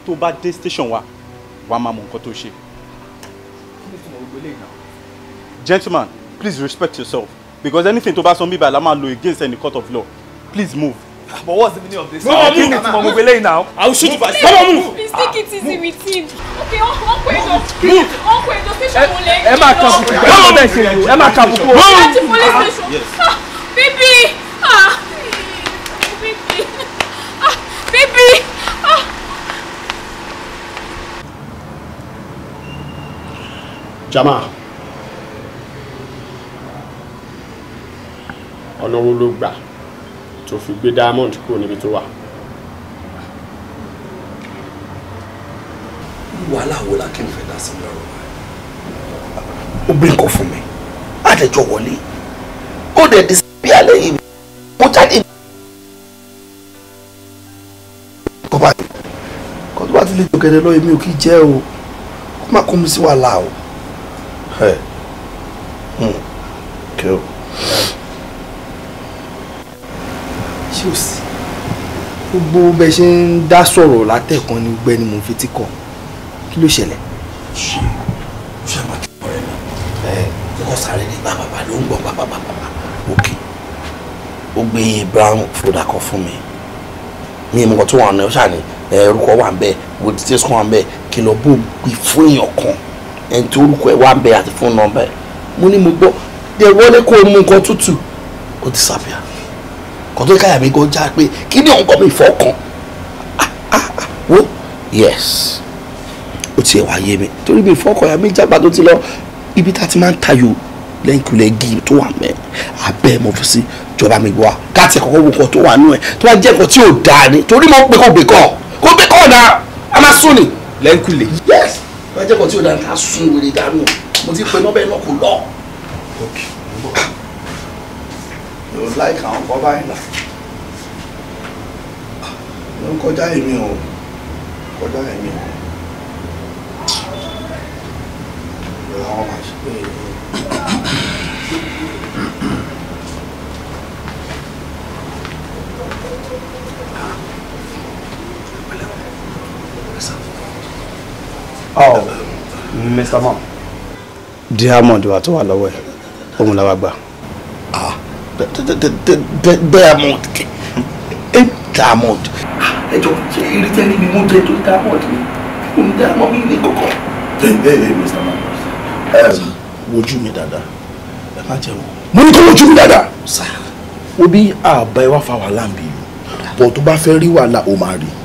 tó bá dé station wa wà á máa mọ nǹkan please respect yourself because anything to bá sọ bíbá la máa lo against any court of law please move. but what's the meaning of this. move move move move move now. i will shoot you by ah, eh, come on move. please take it easy with him. okay ọkọ ẹjọ move ọkọ ẹjọ station wọlé. ẹ máa kà bùkù ẹ máa kà bùkù. move. láti police station. baby. Ah. ah, ah. Ibi! Ah. Jama, ọ̀nà wo ló gbà tó fi gbé Diamond kúrò níbi tó wà? Wàhálà wo la kí n fẹ́ dá sí lọ́rọ̀ Ó bí nǹkan fún mi, àtẹ̀jọ́ wọlé, ó dẹ̀ dé ọ̀gẹ̀dẹ̀ lọ́yẹ̀ mi ò kí jẹ́ o kó má kó mi sí wàhálà o. Hmm. ṣé o sì gbogbo bẹ ṣe ń dá sọ̀rọ̀ látẹ̀kan ní gbẹ́ mo fi ti kọ̀ kí ló ṣẹlẹ̀. o ṣe máa kí ọ̀rẹ́ mi ẹ kókó sáré ní bá bàbá ló ń gbọ́ bàbá bàbá òkè ó gbé brown foda kan fún mi ní ìmọ̀ tó wà ní ọ̀ṣà ni orúkọ wà ń bẹ́ẹ̀ gbogbo details kan wà ń bẹ kìlọ̀ bó gbé fún èèyàn kan ẹni tí orúkọ ẹ wà ń bẹ àti fóònù nọ́mbà ẹ mo ní mo gbọ́ dẹ wọlé kó o mú nǹkan tútù ó ti sàbíà kò tó káyà mi kó já pé kí ni òun kọ́ mi ìfọ́kàn wo yes ó tiẹ̀ wá yé mi torí mi ìfọ́kàn ya mi jágbá tó ti lọ ibi tá a ti máa ń tayò lẹ́yìnkùlẹ̀ gí tó wà mẹ́ abẹ́ mo fi sí ìjọba mi wá káàtì ẹ̀kọ́ kọ́kọ́ tó wà nù ẹ̀ tó bá jẹ́ nǹkan tí ò dáa ni torí mo gbẹ́kọ̀ gbẹ́kọ̀ kó gbẹ́kọ̀ náà a máa sún ni lẹ́ńkulè. yes wọ́n jẹ́ kó tí o dá nǹkan sún wèrè dànù mo ti pe nọ́bẹ̀ náà kò lọ. yóò ah. láìka àwọn kan báyìí náà ah, ló ń kọjá èmi o kọjá èmi o. làwọn máa ṣe pé èmi. oh mr mom. diamond wa tó wà lọ́wọ́ ẹ̀ òun làwa ah diamond eh, ah, ẹ diamond. ẹ jọ ṣe irinṣẹ́ ni mo jẹ tó diamond ni mo ní diamond mi ní kókó. ẹ ẹ mr mom wojú mi dáadáa ẹ má jẹun. mo ní kó wojú mi dáadáa. obi ba ẹ wá fa wàhálà mi bọ̀ tó bá fẹ́ rí wàhálà ó máa rí i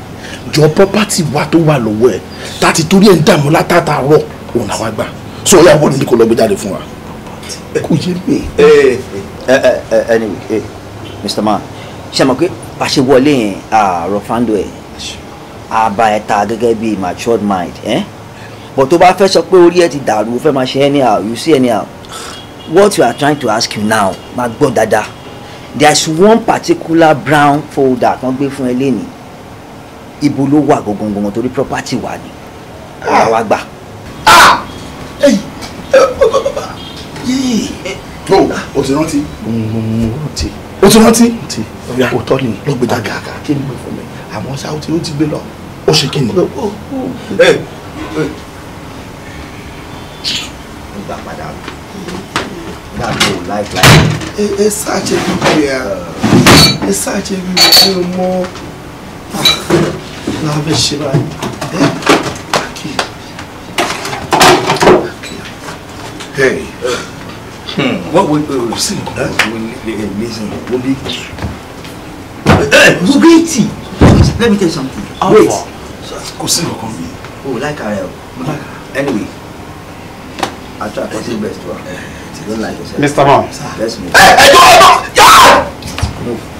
ìjọ property wa tó wà lọ́wọ́ ẹ̀ tá a ti torí ẹ̀ ń dààmú látàtàárọ̀ òun làwọn àgbà so ìyá wọ́n ní kò lọ́ọ́ gbé jáde fún wa. kò yé mi. Eh, eh, eh, anyway mr man ṣe mọ̀ pé bá a ṣe wọlé yẹn àárọ̀ fando ẹ̀ àbá ẹ̀ ta gẹ́gẹ́ bí matured mind but tó bá fẹ́ sọ pé orí ẹ̀ ti dàrú fẹ́ máa ṣe anyhow you see anyhow what you are trying to ask you now máa gbọ́ dáadáa there is one particular brown folder kan gbé fún ẹ lénìí ibo ló wà gangan torí property wa ni ara ah. gbà. Ah! Oh, o o ti rántí. mo rántí. o ti rántí. o tọ́ ni ló gbé dàgà kí ni mo fún mi àmọ́ sáà ó ti ó ti gbé lọ ó ṣe kí ni. gbà padà dàbí o láìpẹ́. ẹ ẹ sáà bíbí ẹ ẹ sáà bíbí ẹ mọ la fẹ́ ṣe báyìí. Hey. hmm. What we uh, see that we uh, listen. We'll be. Hey, Bugatti. Let me tell you something. Alpha. Wait. Kò sí nǹkan mi. Oh, like her. Like anyway, I try to do best. Well. Eh, you don't like yourself. Mr. Mom. Let's move. Hey, hey, don't, don't. Yeah! Move.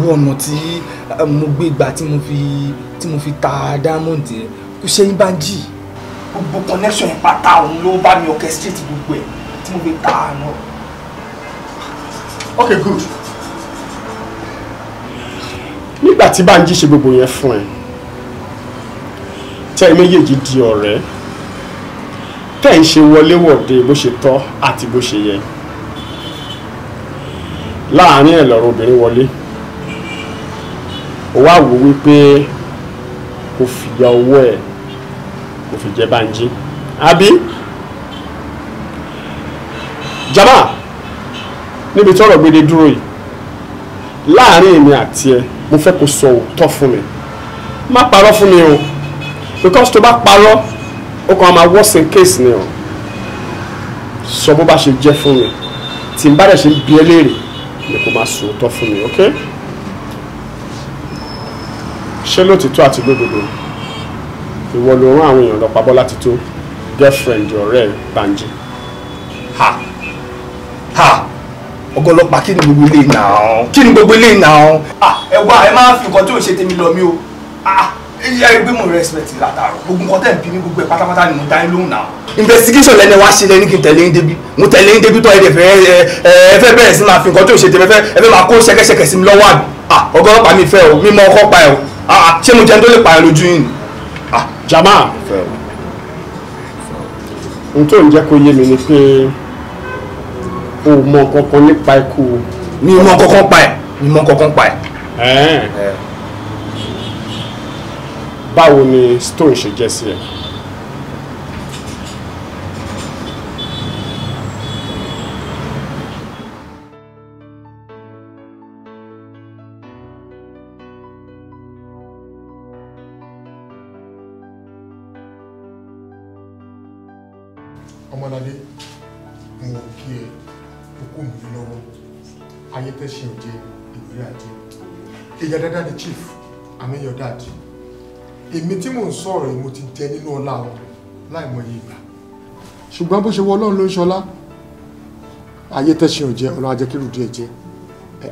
gbogbo ọ̀nà tí eh, mo gbé gbà tí mo fi tí mo fi ta diamond yẹn kò ṣẹ́yìn bá ń jì. gbogbo connection yẹn pátá òun ló bá mi orchestrate gbogbo ẹ̀ tí mo fi ta àná. ok good. nígbà tí Bánjí ṣe gbogbo yẹn fún ẹ tẹ́ ẹ méjèèjì di ọ̀rẹ́ tẹ́ ń ṣe wọléwọ̀de bó ṣe tọ́ àti bó ṣe yẹ láàárín ẹ̀ lọ́rọ̀ obìnrin wọlé ó wá wò wípé kò fìyà owó ẹ̀ kò fi jẹ́ Bánjí àbí jama níbi tí ọ̀rọ̀ gbede dúró yìí láàrin èmi àti ẹ mo fẹ́ kó sọ òótọ́ fún mi má parọ́ fún mi o because tó bá parọ́ ó kàn máa worsen case ni o sọ bó bá ṣe jẹ́ fún mi tí n bá dẹ̀ ṣe ń bi ẹ́ léèrè ni kò máa sọ òótọ́ fún mi ok ṣé lótìtọ́ àti lódodo ìwọ ló rán àwọn èèyàn lọ pa Bọ́lá Tító girlfriend ọ̀rẹ́ Banji. ha ha ọgọlọpàá kí ni gbogbo ilé nà án kí ni gbogbo ilé nà án. ẹ wá ẹ máa fi nǹkan tó ń ṣe tèmi lọ mí o ẹ ẹ gbé mo respect látàrọ gbogbo nǹkan tẹ̀ ń bí mi gbogbo ẹ̀ pátápátá ni mo dá yín lóhùn náà. investigation lẹni wá ṣe lẹni kí n tẹ̀lé yín débi mo tẹ̀lé yín débi tó ẹ lè fẹ́ ẹ ẹ fẹ́ bẹ̀rẹ̀ sí máa fi nǹkan tó ń ṣe tèmi ẹ fẹ́ máa kó ṣẹkẹṣẹkẹ sí mi lọ́wọ́ àbí ọgọlọpàá mi fẹ́ o mímọ ọkọ pa ẹ o. Ah, ah, ṣé mo jẹ́ tó lè pààyàn lójú yìí. Ah, jama n tó ń jẹ́ kó yé mi ni pé o mọ kankan nípa ikú. mi mọ kankan pa ẹ mi mọ kankan pa ẹ. Eh. báwo ni stone ṣe jẹ́ sí ẹ. tí mò ń sọ̀rọ̀ yìí mo ti jẹ nínú ọlá wọn láìmọye ìgbà ṣùgbọ́n bó ṣe wọ ọlọ́run ló ń ṣọlá ayé tẹ́sán ò jẹ ọlọ́run ajẹ́kẹ́rù díẹ̀ jẹ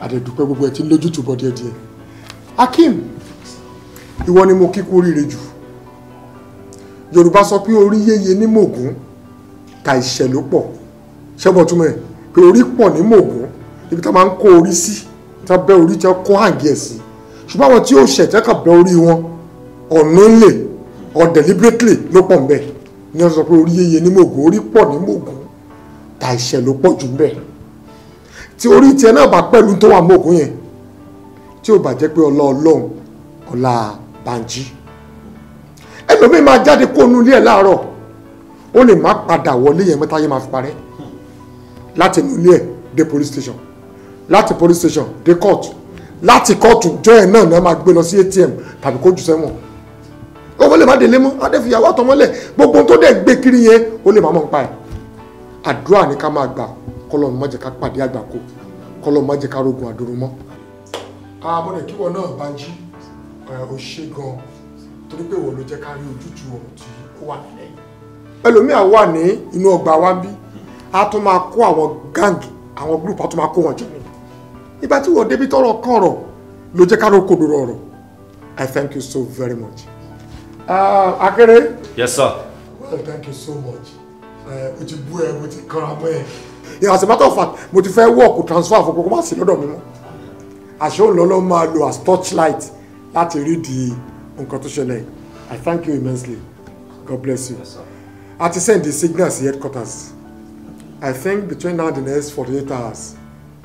àdẹ̀dùpẹ́ gbogbo ẹ̀ tí ń lójútùú bọ́ díẹ̀ díẹ̀ Akeem ìwọ ni mo kí kú oríire jù Yorùbá sọ pé orí yéye ní mògún ka ìṣẹ̀ ló pọ̀ ṣẹ́bọ̀ túmọ̀ ẹ̀ pé orí pọ̀ ní mògún ibi tá máa ń kó orí sí tá bẹ́ orí tí wọ́n kó hàǹgẹ̀ sí ṣùgbọ́n àwọn tí ó ṣẹ̀ tẹ́kàn bẹ́ orí wọn unknowingly or deliberately ló pọ̀ nbẹ̀ ní wọ́n sọ pé orí yeye ní mògùn orí pọ̀ ní mògùn ta ìṣẹ̀ ló pọ̀ jù nbẹ̀ tí orí tiẹ̀ náà bá pẹ̀lú tó wà mògùn yẹn tí ò bá jẹ́ pé ọlá ọlọ́run ọlá Banji ẹlòmíín máa jáde kó nu ilé ẹ̀ láàárọ̀ ó lè má padà wọlé yẹn mẹ́ta yẹn máa fi parẹ́ láti nu ilé ẹ̀ dé police station láti police station dé court láti kóòtù jọ́ ẹ̀ náà náà máa gbé lọ sí ATM tàbí kó jù sẹ́wọ̀n tọmọ lè má délé mọ́ adẹ́fìyàwó àtọmọ́lẹ̀ gbogbo tó dẹ̀ gbé kiri yẹn ó lè má mọ̀ nípa ẹ̀ àdúrà ni ká máa gbà kọlọ́ọ̀ má jẹ́ ká pàdé àgbákò kọlọ́ọ̀ má jẹ́ ká rogun àdúró mọ́. àmọ́ rẹ̀ kíwọ náà bá jí ó ṣe gan torí pé wọ́n ló jẹ́ ká rí ojútùú ọ̀rọ̀ tí ó wà nílẹ̀ yìí. ẹlòmíà wà ní inú ọgbà wa bí a tún máa kó àwọn gáǹgì àwọn gúrùpù a tún máa kó wọn jẹ ìgbà tí wọ́n débi tọrọ kọ̀rọ̀ ló jẹ́ ká rí okòdòrò ọ̀rọ̀ I thank you so very much. Uh, Akere. Yes, sir. Well, thank you so much. Uh, ti bú ẹ, mo Yeah, as a matter of fact, mo ti fẹ́ wọ́ọ̀kù transfer for kókó má sí lọ́dọ̀ mi mọ́. Àṣé òun lọ́lọ́ máa lo as torchlight láti rí di nǹkan tó ṣẹlẹ̀. I thank you immensely. God bless you. Yes, sir. I ti send the signals sí headquarters. I think between now and the next forty eight hours,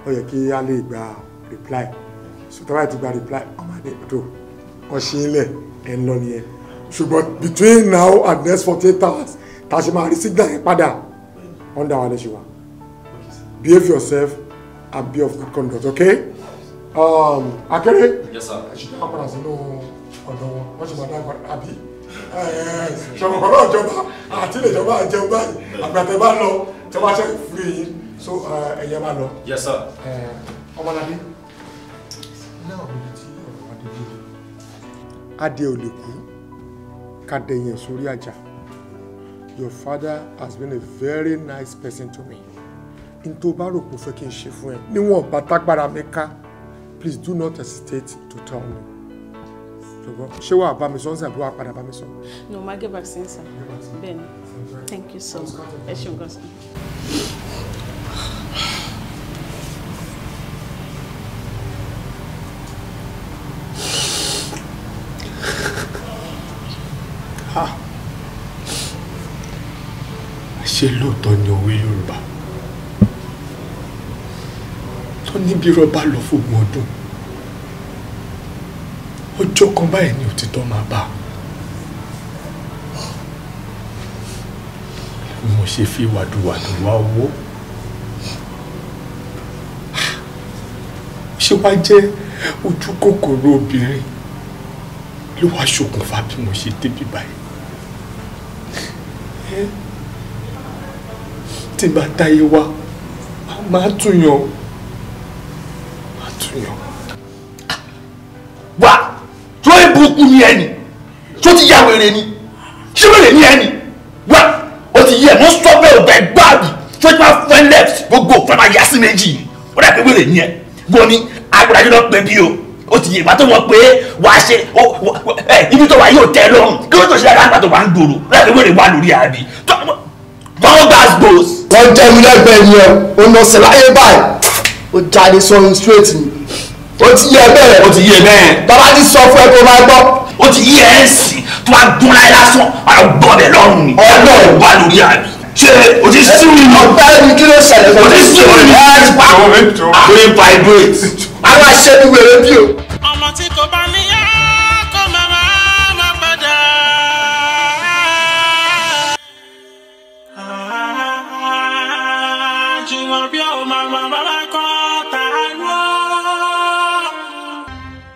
ó yẹ kí a lè gba reply. So try to bá gba reply, ọmọdé tó, wọ́n ṣe é lẹ̀ ẹ̀ ń lọ nìyẹn ṣùgbọ́n between now and next forty eight hours ta ṣe máa rí signal yẹn padà under our leadership behave yourself and be of good conduct okay um, akéré ṣùgbọ́n a padà sínú ọ̀dọ̀ wọn wọ́n ṣe máa dá ìpàdé àbí ṣọ̀kọ̀kọ̀ náà jọba àti ilé ìjọba àjẹun báyìí àgbàtẹ́ bá lọ tí wọ́n ṣe fúri yín so ẹ̀yẹ máa lọ. ọmọlábí náà ò lè tí ọ̀rọ̀ adé yé adé ò lè kú ká dẹ̀yìn sórí àjà your father has been a very nice person to me n tó bá rò pé o fẹ́ kí n ṣe fún ẹ níwọ̀n bàtàgbára mi ká please do not hesitate to tell me ṣùgbọ́n ṣé wàá bá mi sọ ń sàbí wàá padà bá mi sọ. no ma get back since sir bẹ́ẹ̀ni thank you so much ẹ ṣeun gan ọ̀tọ̀ ni òwe Yorùbá tó níbi rọ́bà lọ fógun ọdún ọjọ́ kan báyìí ni òtítọ́ máa bá ni mo ṣe fi wàdùwàdù wá owó ṣé wàá jẹ́ ojú kòkòrò obìnrin ló wàá ṣokùnfà bí mo ṣe débi báyìí tí bá táyé wá máa túyàn máa túyàn. wá tó ń burúkú ní ẹni tó ti yá wèrè ni ṣé wèrè ní ẹni wá o ti yẹ mọ sọfẹ ọbẹ gbáàbì tó ti máa fẹ lẹft gbogbo fẹ máa yá sí méjì ó dà pé wèrè ní ẹ gbọ́ ni agbára yóò pẹ́ bí o ó ti yé ìgbà tó mọ̀ pé wàá ṣe ibi tó wà yóò tẹ́ lọ́rùn kí ló tó ṣe dáadáa nígbà tó wà ń gbòòrò láti wèrè wà lórí àbí àwọn gbàgbọ́s. wọ́n jẹ́ mi lẹ́gbẹ̀ẹ́ ni ẹ o nà ọ̀sẹ̀ láyé báyìí o jáde sọ̀rọ̀ straight ni o ti yẹ bẹ́ẹ̀. o ti yẹ bẹ́ẹ̀. bàbá ti sọ fún ẹ kó máa gbọ́. o ti yẹ ẹ sì tó a dún láyé lásán a gbọ́ bẹ̀ lọ́rùn ni. ọ̀dọ́ wà lórí àbí. ṣé o ti sún mi nù. ọ̀pẹ́ mi kí ló ṣẹlẹ̀. o ti sún mi nù. ẹ ti pa. o ti vibrate. a máa ṣe é ní wèrè bí o.